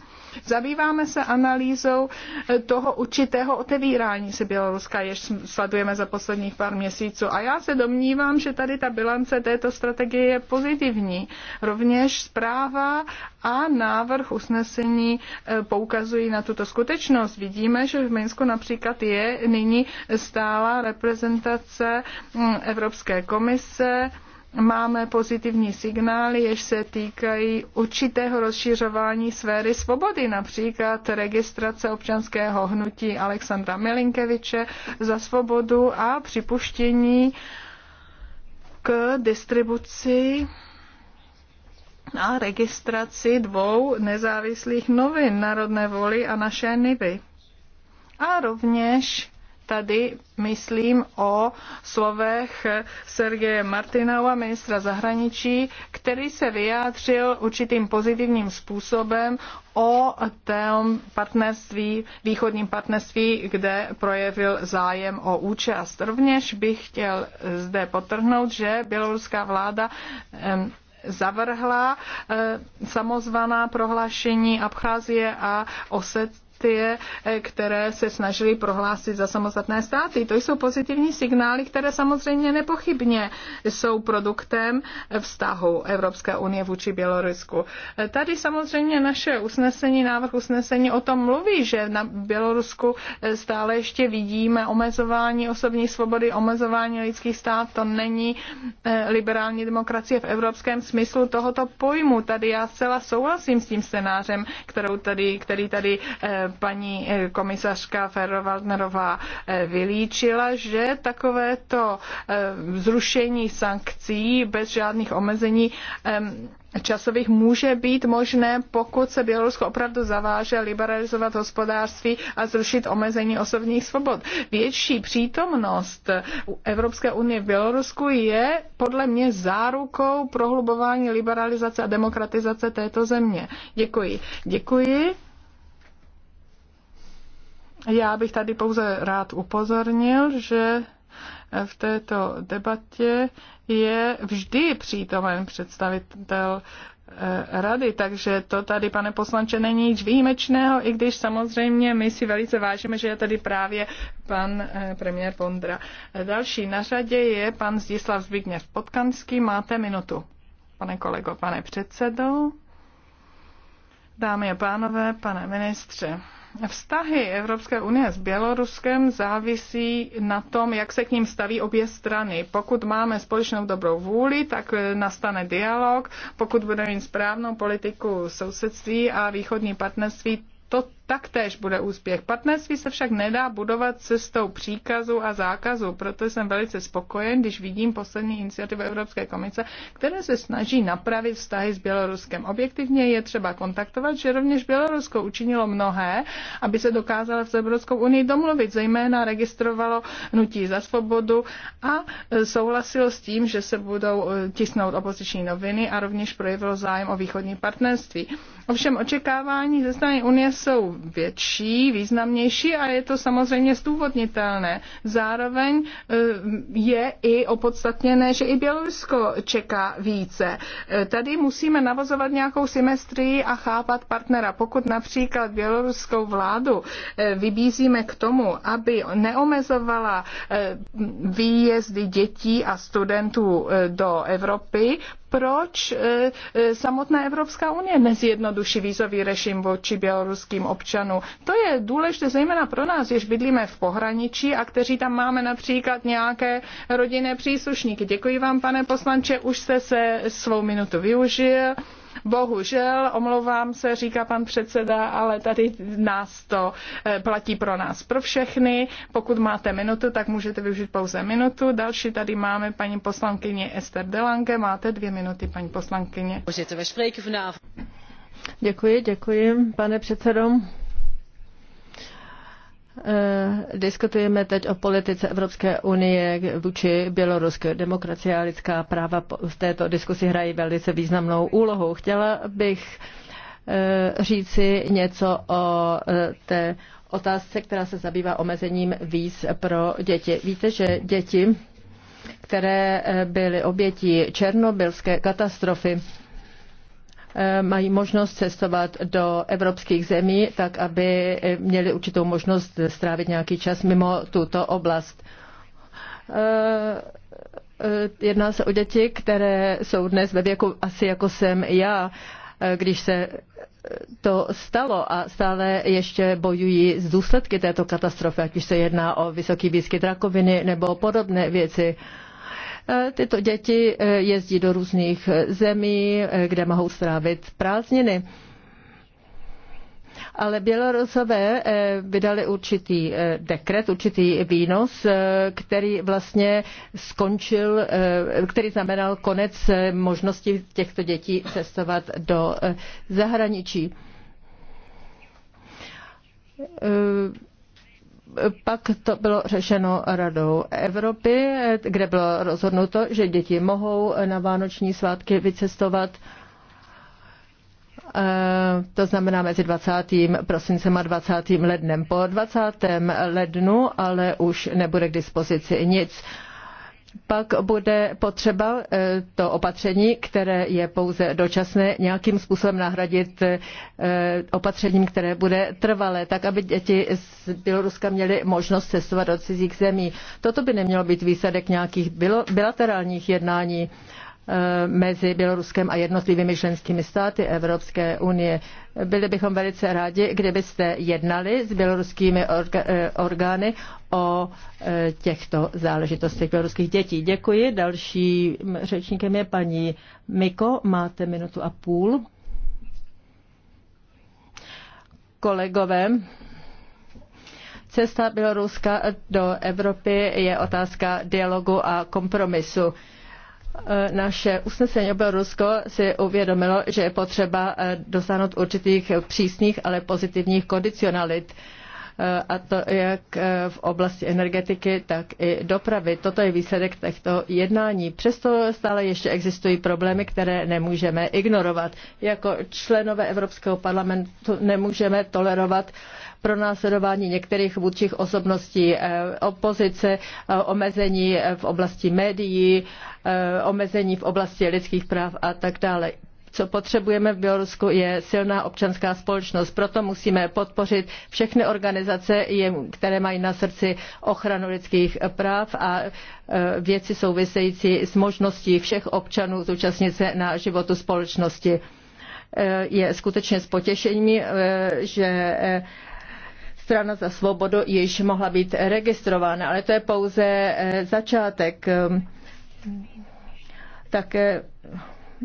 Speaker 1: Zabýváme se analýzou eh, toho určitého otevírání se Běloruska, jež sledujeme za posledních pár měsíců. A já se domnívám, že tady ta bilance této strategie je pozitivní. Rovněž zpráva a návrh usnesení eh, poukazují na tuto skutečnost. Vidíme, že v Minsku například je nyní stála reprezentace mm, Evropské komise, máme pozitivní signály, jež se týkají určitého rozšiřování sféry svobody, například registrace občanského hnutí Alexandra Milinkeviče za svobodu a připuštění k distribuci a registraci dvou nezávislých novin Národné voli a naše Nivy. A rovněž tady myslím o slovech Sergeje Martinova, ministra zahraničí, který se vyjádřil určitým pozitivním způsobem o tom partnerství, východním partnerství, kde projevil zájem o účast. Rovněž bych chtěl zde potrhnout, že běloruská vláda zavrhla eh, samozvaná prohlášení Abcházie a Oset, ty, eh, které se snažily prohlásit za samostatné státy. To jsou pozitivní signály, které samozřejmě nepochybně jsou produktem vztahu Evropské unie vůči Bělorusku. Eh, tady samozřejmě naše usnesení, návrh usnesení o tom mluví, že na Bělorusku eh, stále ještě vidíme omezování osobní svobody, omezování lidských stát. To není liberální demokracie v evropském smyslu tohoto pojmu. Tady já zcela souhlasím s tím scénářem, kterou tady, který tady paní eh, komisařka Ferrovaldnerová eh, vylíčila, že takovéto eh, zrušení sankcí bez žádných omezení časových může být možné, pokud se Bělorusko opravdu zaváže liberalizovat hospodářství a zrušit omezení osobních svobod. Větší přítomnost Evropské unie v Bělorusku je podle mě zárukou prohlubování liberalizace a demokratizace této země. Děkuji. Děkuji. Já bych tady pouze rád upozornil, že v této debatě je vždy přítomen představitel eh, rady, takže to tady, pane poslanče, není nic výjimečného, i když samozřejmě my si velice vážíme, že je tady právě pan eh, premiér Vondra. Eh, další na řadě je pan Zdislav Zbigněv Potkanský. Máte minutu, pane kolego, pane předsedo. Dámy a pánové, pane ministře. Vztahy Evropské unie s Běloruskem závisí na tom, jak se k ním staví obě strany. Pokud máme společnou dobrou vůli, tak nastane dialog. Pokud budeme mít správnou politiku sousedství a východní partnerství, to taktéž bude úspěch. Partnerství se však nedá budovat cestou příkazu a zákazu, proto jsem velice spokojen, když vidím poslední iniciativu Evropské komise, které se snaží napravit vztahy s Běloruskem. Objektivně je třeba kontaktovat, že rovněž Bělorusko učinilo mnohé, aby se dokázalo s Evropskou unii domluvit, zejména registrovalo nutí za svobodu a souhlasilo s tím, že se budou eh, tisnout opoziční noviny a rovněž projevilo zájem o východní partnerství. Ovšem očekávání ze strany Unie jsou větší, významnější a je to samozřejmě zdůvodnitelné. Zároveň eh, je i opodstatněné, že i Bělorusko čeká více. Eh, tady musíme navazovat nějakou symetrii a chápat partnera. Pokud například běloruskou vládu eh, vybízíme k tomu, aby neomezovala výjezdy dětí a studentů do Evropy, proč eh, eh, samotná Evropská unie nezjednoduší vízový režim vůči běloruským občanům. To je důležité zejména pro nás, jež bydlíme v pohraničí a kteří tam máme například nějaké rodinné příslušníky. Děkuji vám, pane poslanče, už jste se svou minutu využil. Bohužel, omlouvám se, říká pan předseda, ale tady nás to eh, platí pro nás, pro všechny. Pokud máte minutu, tak můžete využít pouze minutu. Další tady máme paní poslankyně Ester Delange. Máte dvě minuty, paní poslankyně.
Speaker 2: Děkuji, děkuji, pane předsedo. Eh, diskutujeme teď o politice Evropské unie vůči běloruské demokracie a lidská práva. V této diskusi hrají velice významnou úlohu. Chtěla bych eh, říci něco o eh, té otázce, která se zabývá omezením víz pro děti. Víte, že děti, které byly obětí černobylské katastrofy, Eh, mají možnost cestovat do evropských zemí, tak aby eh, měli určitou možnost strávit nějaký čas mimo tuto oblast. Eh, jedná se o děti, které jsou dnes ve věku asi jako jsem já, když se to stalo a stále ještě bojují s důsledky této katastrofy, ať už se jedná o vysoký výskyt rakoviny nebo podobné věci. Uh, Tyto děti eh, jezdí do různých eh, zemí, eh, kde mohou strávit prázdniny. Ale Bělorusové vydali určitý dekret, určitý výnos, který vlastně skončil, který znamenal konec možnosti těchto dětí cestovat do zahraničí pak to bylo řešeno Radou Evropy, kde bylo rozhodnuto, že děti mohou na vánoční svátky vycestovat eh, to znamená mezi 20. prosincem a 20. lednem. Po 20. lednu ale už nebude k dispozici nic pak bude potřeba eh, to opatření, které je pouze dočasné, nějakým způsobem nahradit eh, opatřením, které bude trvalé, tak aby děti z Běloruska měly možnost cestovat do cizích zemí. Toto by nemělo být výsledek nějakých bilaterálních jednání Eh, mezi Běloruskem a jednotlivými členskými státy Evropské unie. Byli bychom velice rádi, kdybyste jednali s běloruskými eh, orgány o eh, těchto záležitostech běloruských dětí. Děkuji. Dalším řečníkem je paní Miko. Máte minutu a půl. Kolegové, cesta Běloruska do Evropy je otázka dialogu a kompromisu Eh, naše usnesení o Bělorusko si uvědomilo, že je potřeba eh, dosáhnout určitých přísných, ale pozitivních kondicionalit eh, a to jak v oblasti energetiky, tak i dopravy. Toto je výsledek těchto jednání. Přesto stále ještě existují problémy, které nemůžeme ignorovat. Jako členové Evropského parlamentu nemůžeme tolerovat pro následování některých vůdčích osobností eh, opozice, eh, omezení eh, v oblasti médií, omezení v oblasti lidských práv a tak dále co potřebujeme v Bělorusku, je silná občanská společnost. Proto musíme podpořit všechny organizace, které mají na srdci ochranu lidských práv a věci související s možností všech občanů zúčastnit se na životu společnosti. Je skutečně s potěšením, že strana za svobodu již mohla být registrována, ale to je pouze eh, začátek. Ehm, tak eh,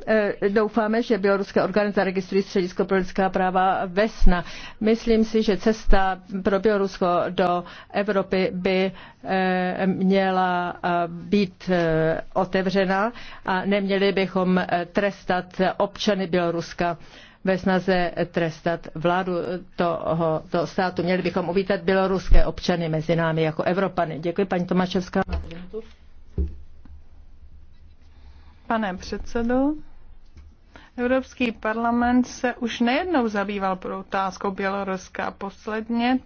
Speaker 2: eh, doufáme, že běloruské orgány zaregistrují středisko pro lidská práva Vesna. Myslím si, že cesta pro Bělorusko do Evropy by měla být otevřena a neměli bychom trestat občany Běloruska ve snaze trestat vládu toho, toho státu. Měli bychom uvítat běloruské občany mezi námi jako Evropany. Děkuji, paní Tomáševská.
Speaker 1: Pane předsedo, Evropský parlament se už nejednou zabýval pro otázkou Běloruska. Posledně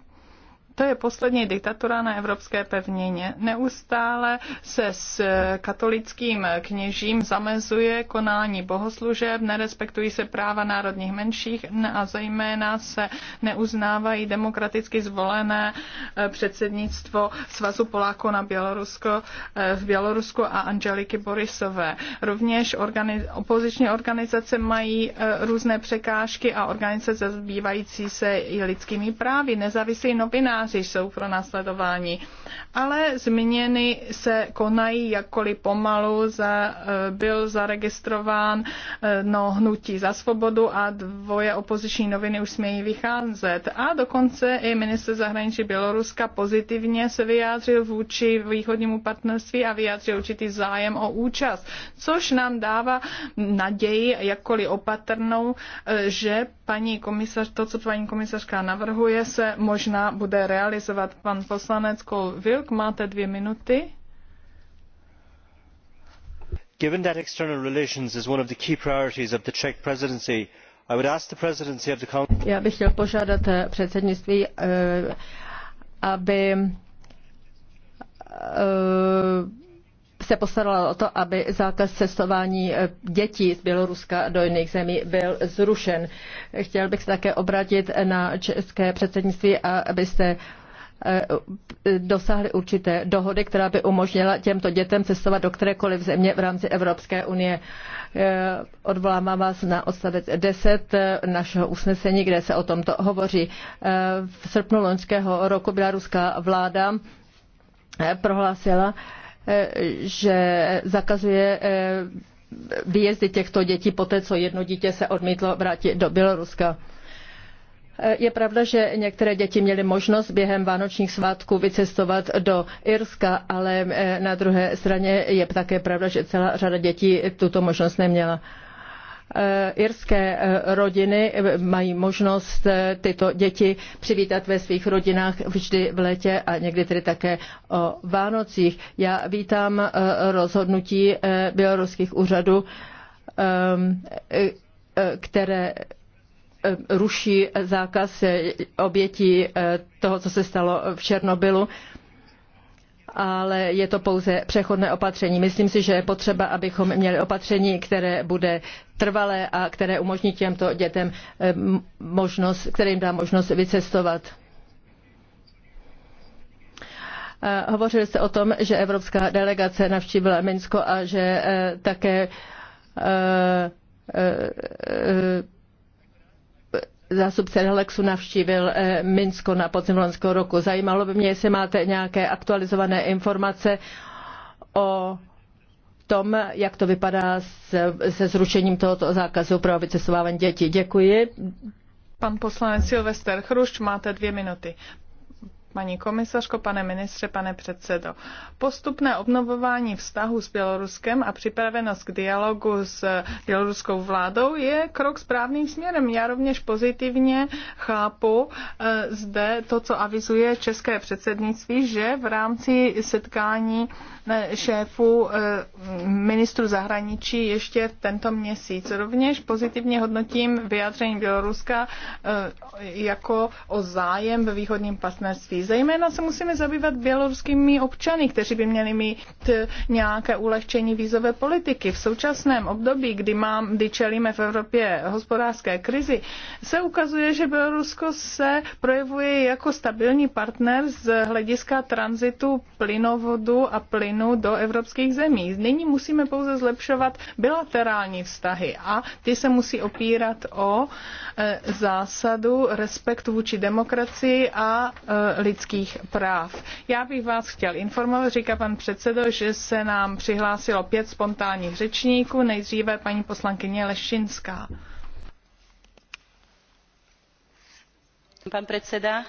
Speaker 1: to je poslední diktatura na evropské pevnině. Neustále se s katolickým kněžím zamezuje konání bohoslužeb, nerespektují se práva národních menších a zejména se neuznávají demokraticky zvolené eh, předsednictvo Svazu Poláků na Bělorusko, eh, v Bělorusku a Angeliky Borisové. Rovněž organiz, opoziční organizace mají eh, různé překážky a organizace zabývající se i lidskými právy. Nezávislí novináři novináři jsou pro následování. Ale změny se konají jakkoliv pomalu. Za, eh, byl zaregistrován eh, no, hnutí za svobodu a dvoje opoziční noviny už smějí vycházet. A dokonce i minister zahraničí Běloruska pozitivně se vyjádřil vůči východnímu partnerství a vyjádřil určitý zájem o účast, což nám dává naději, jakkoliv opatrnou, eh, že paní komisař, to, co paní komisařka navrhuje, se možná bude realizovat. Pan poslanec Kol Vilk, máte dvě minuty.
Speaker 2: Given that external relations is one of the key priorities of the Czech presidency, I would ask the presidency of the Council. Já bych chtěl požádat eh, předsednictví, eh, aby eh, se postarala o to, aby zákaz cestování eh, dětí z Běloruska do jiných zemí byl zrušen. Chtěl bych se také obrátit na české předsednictví, abyste eh, dosáhli určité dohody, která by umožnila těmto dětem cestovat do kterékoliv země v rámci Evropské unie. Eh, Odvolávám vás na odstavec 10 našeho usnesení, kde se o tomto hovoří. V srpnu loňského roku byla ruská vláda prohlásila, Eh, že zakazuje eh, výjezdy těchto dětí poté, co jedno dítě se odmítlo vrátit do Běloruska. Eh, je pravda, že některé děti měly možnost během vánočních svátků vycestovat do Irska, ale na druhé straně je také pravda, že celá řada dětí tuto možnost neměla. Eh, irské eh, rodiny eh, mají možnost tyto děti přivítat ve svých rodinách vždy v létě a někdy tedy také o Vánocích. Já vítám rozhodnutí běloruských úřadů, které ruší zákaz obětí toho, co se stalo v Černobylu ale je to pouze přechodné opatření. Myslím si, že je potřeba, abychom měli opatření, které bude trvalé a které umožní těmto dětem eh, možnost, které jim dá možnost vycestovat. Eh, hovořili jste o tom, že evropská delegace navštívila Minsko a že eh, také zástupce Relexu navštívil eh, Minsko na podzim loňského roku. Zajímalo by mě, jestli máte nějaké aktualizované informace o tom, jak to vypadá se zrušením tohoto zákazu pro vycestování dětí. Děkuji.
Speaker 1: Pan poslanec Silvester Chrušč, máte dvě minuty. Paní komisařko, pane ministře, pane předsedo, postupné obnovování vztahu s Běloruskem a připravenost k dialogu s běloruskou vládou je krok správným směrem. Já rovněž pozitivně chápu eh, zde to, co avizuje české předsednictví, že v rámci setkání Eh, šéfů eh, ministru zahraničí ještě tento měsíc. Rovněž pozitivně hodnotím vyjádření Běloruska eh, jako o zájem ve východním partnerství. Zejména se musíme zabývat běloruskými občany, kteří by měli mít nějaké ulehčení vízové politiky. V současném období, kdy, mám, kdy čelíme v Evropě hospodářské krizi, se ukazuje, že Bělorusko se projevuje jako stabilní partner z hlediska tranzitu plynovodu a plynu plynou do evropských zemí. Nyní musíme pouze zlepšovat bilaterální vztahy a ty se musí opírat o e, zásadu respektu vůči demokracii a e, lidských práv. Já bych vás chtěl informovat, říká pan předsedo, že se nám přihlásilo pět spontánních řečníků, nejdříve paní poslankyně Lešinská. Pan
Speaker 2: předseda,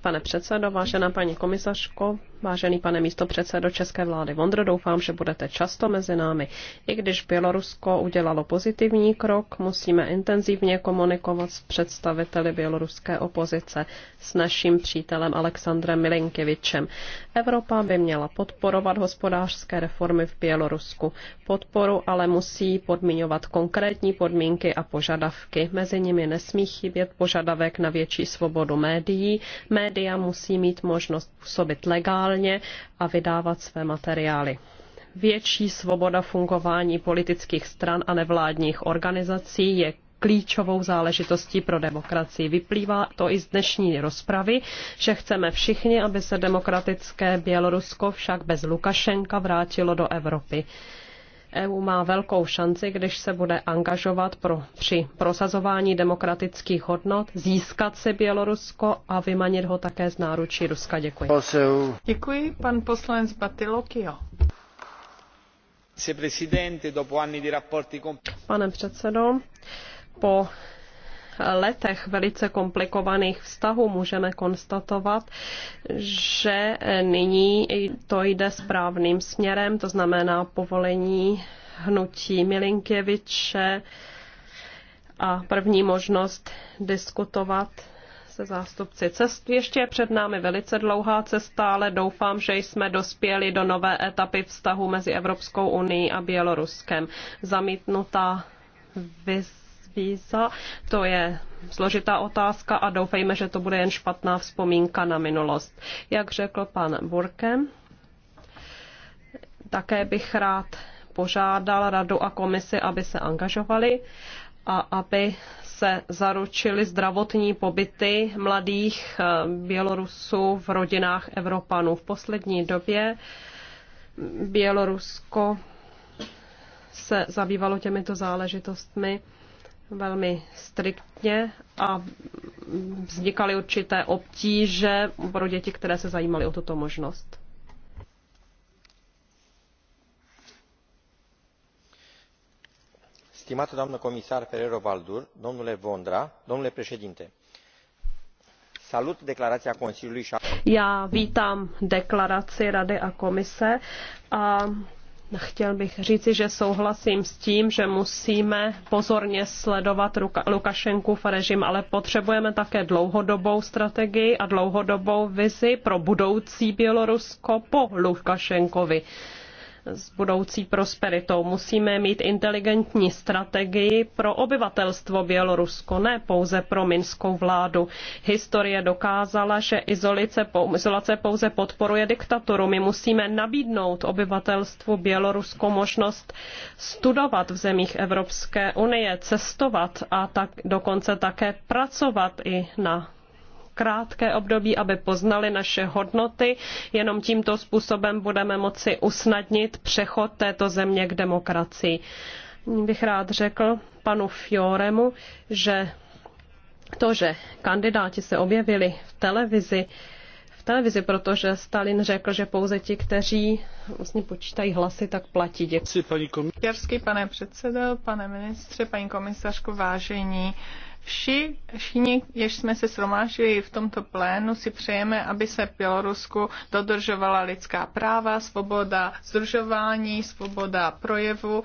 Speaker 4: pane předsedo, vážená paní komisařko, vážený pane místopředsedo České vlády Vondro, doufám, že budete často mezi námi. I když Bělorusko udělalo pozitivní krok, musíme intenzivně komunikovat s představiteli běloruské opozice s naším přítelem Alexandrem Milinkevičem. Evropa by měla podporovat hospodářské reformy v Bělorusku. Podporu ale musí podmiňovat konkrétní podmínky a požadavky. Mezi nimi nesmí chybět požadavek na větší svobodu médií. Média musí mít možnost působit legálně a vydávat své materiály větší svoboda fungování politických stran a nevládních organizací je klíčovou záležitostí pro demokracii. Vyplývá to i z dnešní rozpravy, že chceme všichni, aby se demokratické Bělorusko však bez Lukašenka vrátilo do Evropy. EU má velkou šanci, když se bude angažovat pro, při prosazování demokratických hodnot, získat si Bělorusko a vymanit ho také z náručí Ruska. Děkuji. Děkuji, pan poslanec Batilokio. Pane předsedo, po letech velice komplikovaných vztahů můžeme konstatovat, že nyní to jde správným směrem, to znamená povolení hnutí Milinkěviče a první možnost diskutovat se zástupci cest. Ještě je před námi velice dlouhá cesta, ale doufám, že jsme dospěli do nové etapy vztahu mezi Evropskou unii a Běloruskem. Zamítnutá vize víza, to je složitá otázka a doufejme, že to bude jen špatná vzpomínka na minulost. Jak řekl pan Burke, také bych rád požádal radu a komisi, aby se angažovali a aby se zaručili zdravotní pobyty mladých eh, Bělorusů v rodinách Evropanů. V poslední době Bělorusko se zabývalo těmito záležitostmi velmi striktně a vznikaly určité obtíže pro děti, které se zajímaly o tuto možnost.
Speaker 2: Stimată doamnă comisar Ferrero Valdur, domnule Vondra, domnule președinte, salut declarația Consiliului și
Speaker 4: Já vítám deklaraci Rady a Komise a Chtěl bych říci, že souhlasím s tím, že musíme pozorně sledovat Lukašenkův režim, ale potřebujeme také dlouhodobou strategii a dlouhodobou vizi pro budoucí Bělorusko po Lukašenkovi s budoucí prosperitou. Musíme mít inteligentní strategii pro obyvatelstvo Bělorusko, ne pouze pro minskou vládu. Historie dokázala, že izolace pouze podporuje diktaturu. My musíme nabídnout obyvatelstvu Bělorusko možnost studovat v zemích Evropské unie, cestovat a tak dokonce také pracovat i na krátké období, aby poznali naše hodnoty. Jenom tímto způsobem budeme moci usnadnit přechod této země k demokracii. Bych rád řekl panu Fioremu, že to, že kandidáti se objevili v televizi, v televizi, protože Stalin řekl, že pouze ti, kteří
Speaker 1: vlastně počítají hlasy, tak platí. Děkuji. Pane předsedo, pane ministře, paní komisařko, vážení Vši, všichni, jež jsme se sromážili v tomto plénu, si přejeme, aby se v Bělorusku dodržovala lidská práva, svoboda združování, svoboda projevu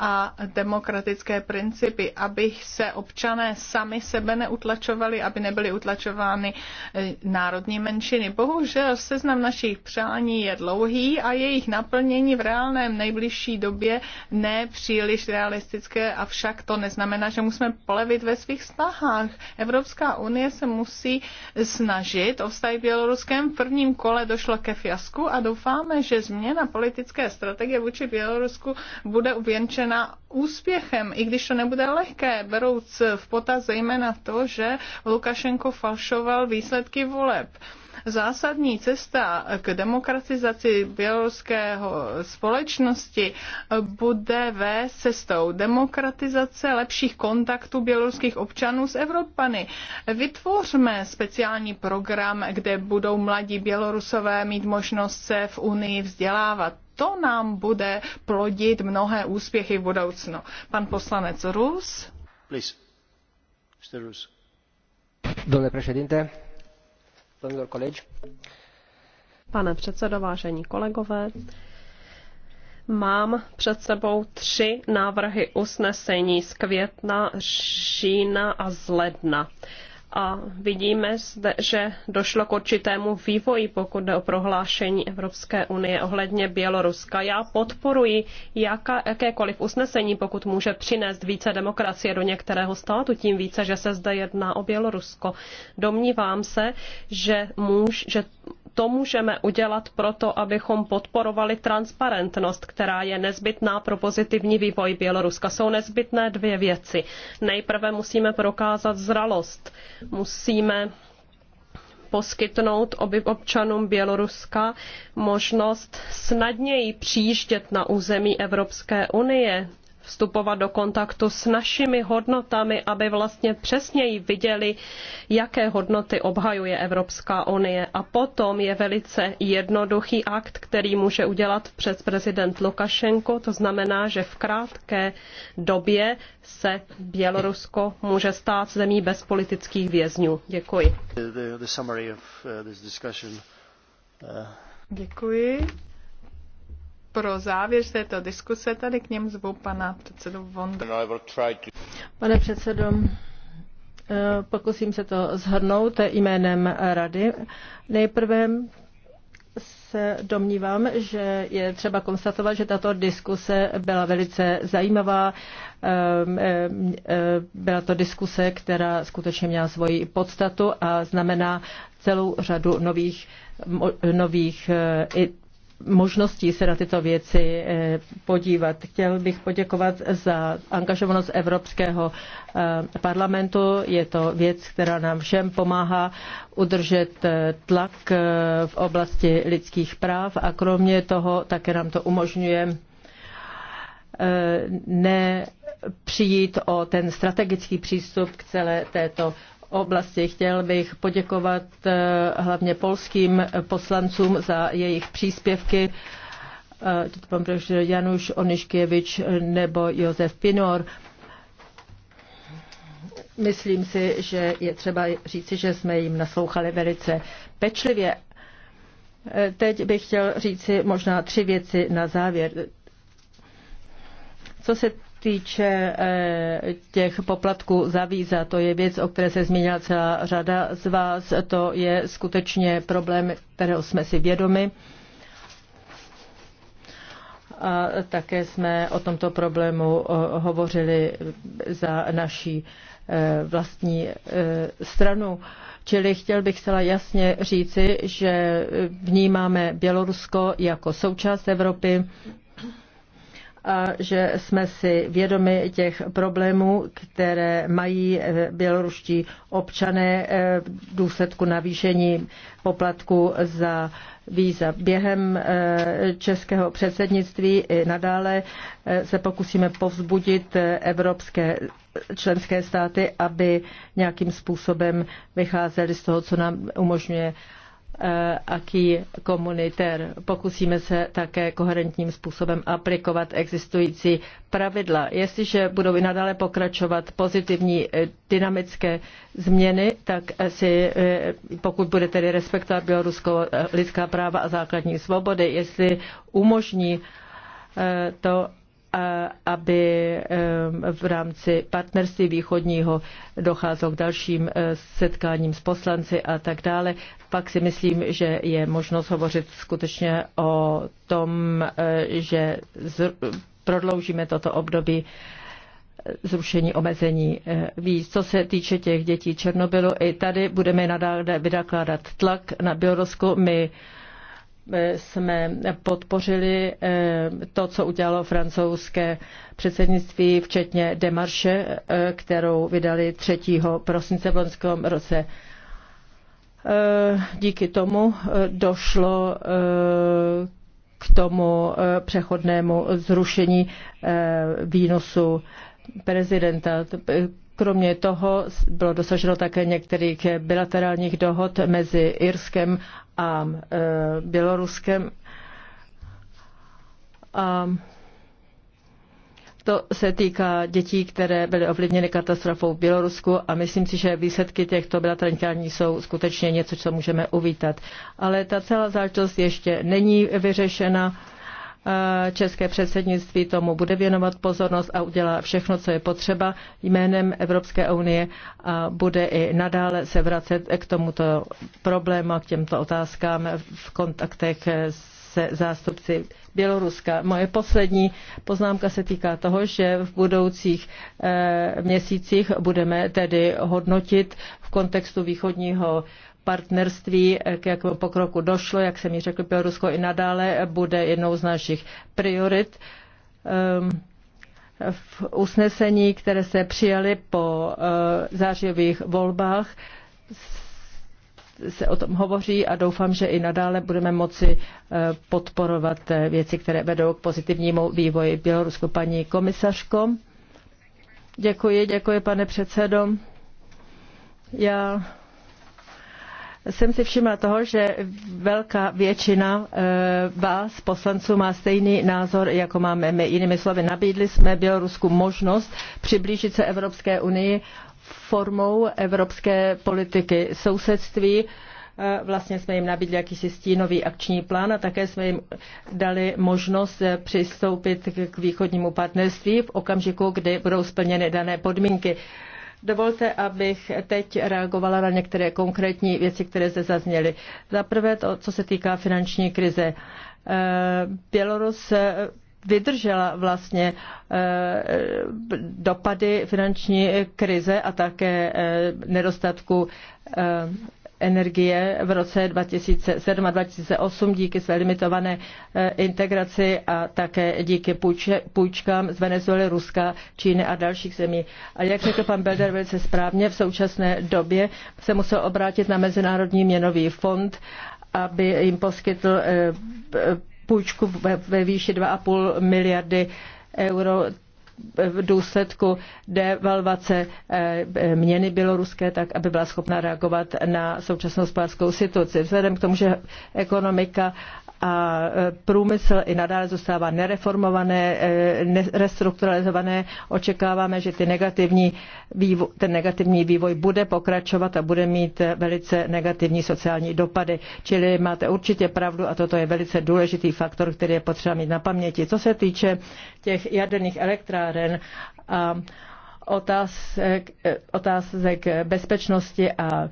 Speaker 1: a demokratické principy, aby se občané sami sebe neutlačovali, aby nebyly utlačovány eh, národní menšiny. Bohužel seznam našich přání je dlouhý a jejich naplnění v reálném nejbližší době nepříliš realistické, avšak to neznamená, že musíme polevit ve svých snahách. Evropská unie se musí snažit o vztahy běloruském V prvním kole došlo ke fiasku a doufáme, že změna politické strategie vůči Bělorusku bude uvěnčena zejména úspěchem, i když to nebude lehké, berouc v potaz zejména to, že Lukašenko falšoval výsledky voleb zásadní cesta k demokratizaci běloruského společnosti bude vést cestou demokratizace lepších kontaktů běloruských občanů s Evropany. Vytvořme speciální program, kde budou mladí Bělorusové mít možnost se v Unii vzdělávat to nám bude plodit mnohé úspěchy v budoucnu. Pan poslanec Rus.
Speaker 3: Please. Mr. Rus.
Speaker 2: Domnule președinte,
Speaker 4: Pane předsedo, vážení kolegové, Mám před sebou tři návrhy usnesení z května, října a z ledna. A vidíme zde, že došlo k určitému vývoji, pokud jde o prohlášení Evropské unie ohledně Běloruska. Já podporuji jaká, jakékoliv usnesení, pokud může přinést více demokracie do některého státu, tím více, že se zde jedná o Bělorusko. Domnívám se, že, můž, že to můžeme udělat proto, abychom podporovali transparentnost, která je nezbytná pro pozitivní vývoj Běloruska. Jsou nezbytné dvě věci. Nejprve musíme prokázat zralost. Musíme poskytnout občanům Běloruska možnost snadněji přijíždět na území Evropské unie, vstupovat do kontaktu s našimi hodnotami, aby vlastně přesněji viděli, jaké hodnoty obhajuje Evropská unie. A potom je velice jednoduchý akt, který může udělat přes prezident Lukašenko, to znamená, že v krátké době se Bělorusko může stát zemí bez politických vězňů. Děkuji.
Speaker 3: Uh, uh,
Speaker 1: Děkuji pro závěr této diskuse tady k něm zvu pana předsedu Vonda. Pane předsedo, eh, pokusím se to zhrnout
Speaker 2: jménem rady. Nejprve se domnívám, že je třeba konstatovat, že tato diskuse byla velice zajímavá. Ehm, ehm, ehm, byla to diskuse, která skutečně měla svoji podstatu a znamená celou řadu nových, nových eh, možností se na tyto věci eh, podívat. Chtěl bych poděkovat za angažovanost Evropského eh, parlamentu. Je to věc, která nám všem pomáhá udržet eh, tlak v oblasti lidských práv a kromě toho také nám to umožňuje ne přijít o ten strategický přístup k celé této oblasti. Chtěl bych poděkovat eh, hlavně polským poslancům za jejich příspěvky. Eh, pan Januš Oniškěvič nebo Josef Pinor. Myslím si, že je třeba říci, že jsme jim naslouchali velice pečlivě. Eh, teď bych chtěl říci možná tři věci na závěr. Co se týče eh, těch poplatků za víza, to je věc, o které se zmínila celá řada z vás. To je skutečně problém, kterého jsme si vědomi. A také jsme o tomto problému eh, hovořili za naší eh, vlastní stranu. Čili chtěl bych zcela jasně říci, že vnímáme Bělorusko jako součást Evropy, a že jsme si vědomi těch problémů, které mají eh, běloruští občané eh, v důsledku navýšení poplatku za víza. Během eh, českého předsednictví i nadále se pokusíme povzbudit evropské členské státy, aby nějakým způsobem vycházeli z toho, co nám umožňuje Eh, aký komunitér. Pokusíme se také koherentním způsobem aplikovat existující pravidla. Jestliže budou i nadále pokračovat pozitivní eh, dynamické změny, tak si, eh, pokud bude tedy respektovat běloruskou lidská práva a základní svobody, jestli umožní to, aby v rámci partnerství východního docházelo k dalším eh, setkáním s poslanci a tak dále. Pak si myslím, že je možnost hovořit skutečně o tom, eh, že prodloužíme toto období eh, zrušení omezení víc. Co se týče těch dětí Černobylu, i tady budeme nadále vydakládat tlak na Bělorusko. My Eh, jsme podpořili eh, to, co udělalo francouzské předsednictví, včetně demarše, eh, kterou vydali 3. prosince v loňském roce. Díky tomu došlo k tomu přechodnému zrušení výnosu prezidenta. Kromě toho bylo dosaženo také některých bilaterálních dohod mezi Irskem a e, Běloruskem. A to se týká dětí, které byly ovlivněny katastrofou v Bělorusku a myslím si, že výsledky těchto bilaterálních jsou skutečně něco, co můžeme uvítat. Ale ta celá záležitost ještě není vyřešena Eh, české předsednictví tomu bude věnovat pozornost a udělá všechno, co je potřeba jménem Evropské unie a bude i nadále se vracet k tomuto problému, k těmto otázkám v kontaktech se zástupci Běloruska. Moje poslední poznámka se týká toho, že v budoucích eh, měsících budeme tedy hodnotit v kontextu východního partnerství, eh, k jakému pokroku došlo, jak jsem ji řekl, Bělorusko i nadále bude jednou z našich priorit. Ehm, v usnesení, které se přijali po eh, zářijových volbách, se o tom hovoří a doufám, že i nadále budeme moci eh, podporovat věci, které vedou k pozitivnímu vývoji Bělorusku. Paní komisařko, děkuji, děkuji pane předsedo. Já jsem si všimla toho, že velká většina eh, vás, poslanců, má stejný názor, jako máme my. Jinými slovy, nabídli jsme Bělorusku možnost přiblížit se Evropské unii formou evropské politiky sousedství. Eh, vlastně jsme jim nabídli jakýsi stínový akční plán a také jsme jim dali možnost eh, přistoupit k východnímu partnerství v okamžiku, kdy budou splněny dané podmínky. Dovolte, abych teď reagovala na některé konkrétní věci, které zde zazněly. Za prvé to, co se týká finanční krize. Eh, Bělorus vydržela vlastně eh, dopady finanční krize a také eh, nedostatku energie v roce 2007 a 2008 díky své limitované eh, integraci a také díky půjčkám z Venezuely, Ruska, Číny a dalších zemí. A jak řekl pan Belder velice správně, v současné době se musel obrátit na Mezinárodní měnový fond, aby jim poskytl eh, půjčku ve výši 2,5 miliardy euro v důsledku devalvace eh, eh, měny běloruské, tak aby byla schopna reagovat na současnou spářskou situaci. Vzhledem k tomu, že ekonomika a e, průmysl i nadále zůstává nereformované, e, nerestrukturalizované. Očekáváme, že ty negativní vývoj, ten negativní vývoj bude pokračovat a bude mít velice negativní sociální dopady. Čili máte určitě pravdu a toto je velice důležitý faktor, který je potřeba mít na paměti. Co se týče těch jaderných elektráren a otázek, e, otázek bezpečnosti a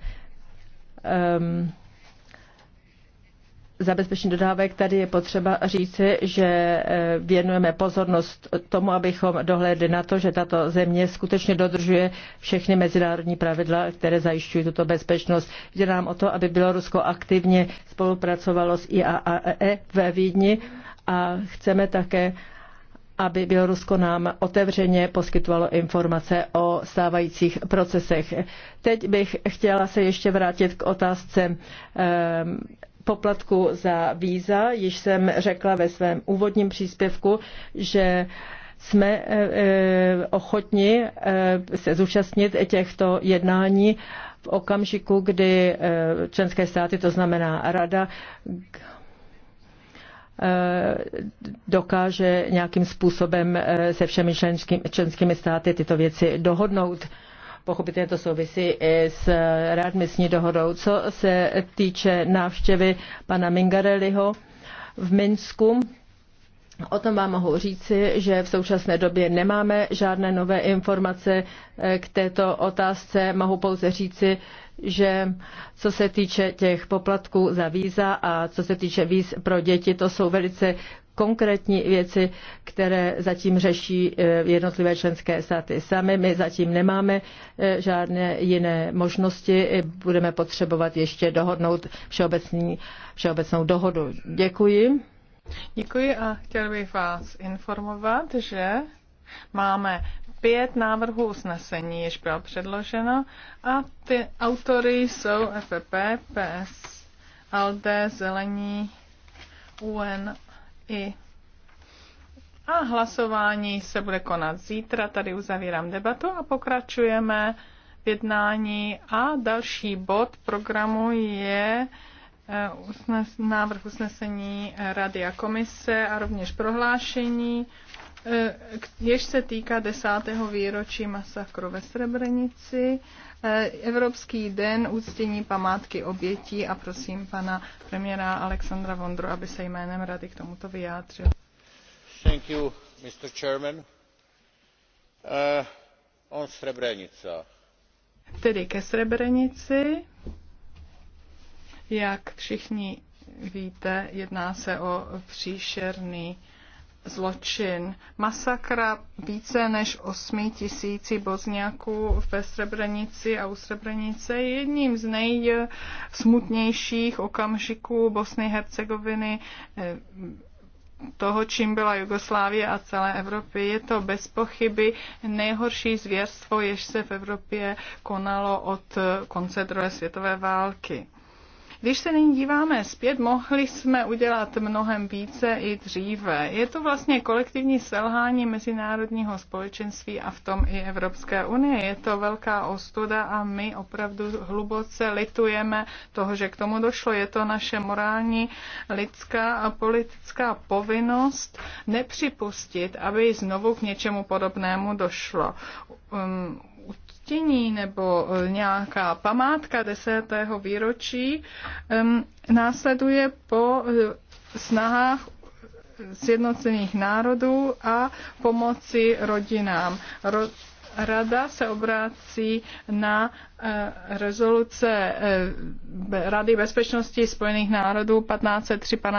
Speaker 2: um, zabezpečení dodávek, tady je potřeba říci, že e, věnujeme pozornost tomu, abychom dohlédli na to, že tato země skutečně dodržuje všechny mezinárodní pravidla, které zajišťují tuto bezpečnost. Jde nám o to, aby Bělorusko aktivně spolupracovalo s IAAE ve Vídni a chceme také aby Bělorusko nám otevřeně poskytovalo informace o stávajících procesech. Teď bych chtěla se ještě vrátit k otázce poplatku za víza. Již jsem řekla ve svém úvodním příspěvku, že jsme eh, eh, ochotni eh, se zúčastnit těchto jednání v okamžiku, kdy členské státy, to znamená Rada, dokáže nějakým způsobem se všemi členskými státy tyto věci dohodnout pochopitelně to souvisí i s readmisní dohodou. Co se týče návštěvy pana Mingareliho v Minsku, O tom vám mohu říci, že v současné době nemáme žádné nové informace k této otázce. Mohu pouze říci, že co se týče těch poplatků za víza a co se týče víz pro děti, to jsou velice konkrétní věci, které zatím řeší eh, jednotlivé členské státy sami. My zatím nemáme eh, žádné jiné možnosti. Budeme potřebovat ještě dohodnout všeobecný, všeobecnou dohodu. Děkuji.
Speaker 1: Děkuji a chtěl bych vás informovat, že máme pět návrhů usnesení, jež bylo předloženo a ty autory jsou FPP, PS, ALDE, Zelení, UN i a hlasování se bude konat zítra. Tady uzavírám debatu a pokračujeme v jednání. A další bod programu je Eh, usnes, návrh usnesení Rady a komise a rovněž prohlášení, eh, jež se týká desátého výročí masakru ve Srebrenici, eh, Evropský den úctění památky obětí a prosím pana premiéra Alexandra Vondru, aby se jménem Rady k tomuto vyjádřil.
Speaker 2: Thank you, Mr. Chairman. Uh, on Srebrenica.
Speaker 1: Tedy ke Srebrenici. Jak všichni víte, jedná se o příšerný zločin. Masakra více než 8 tisíci bozňáků ve Srebrenici a u Srebrenice je jedním z nejsmutnějších okamžiků Bosny Hercegoviny eh, toho, čím byla Jugoslávie a celé Evropy. Je to bez pochyby nejhorší zvěrstvo, jež se v Evropě konalo od konce druhé světové války. Když se nyní díváme zpět, mohli jsme udělat mnohem více i dříve. Je to vlastně kolektivní selhání mezinárodního společenství a v tom i Evropské unie. Je to velká ostuda a my opravdu hluboce litujeme toho, že k tomu došlo. Je to naše morální, lidská a politická povinnost nepřipustit, aby znovu k něčemu podobnému došlo. Um, stění nebo e, nějaká památka desátého výročí následuje po e, snahách sjednocených národů a pomoci rodinám. Ro- Rada se obrácí na e, rezoluce Rady bezpečnosti Spojených národů 1503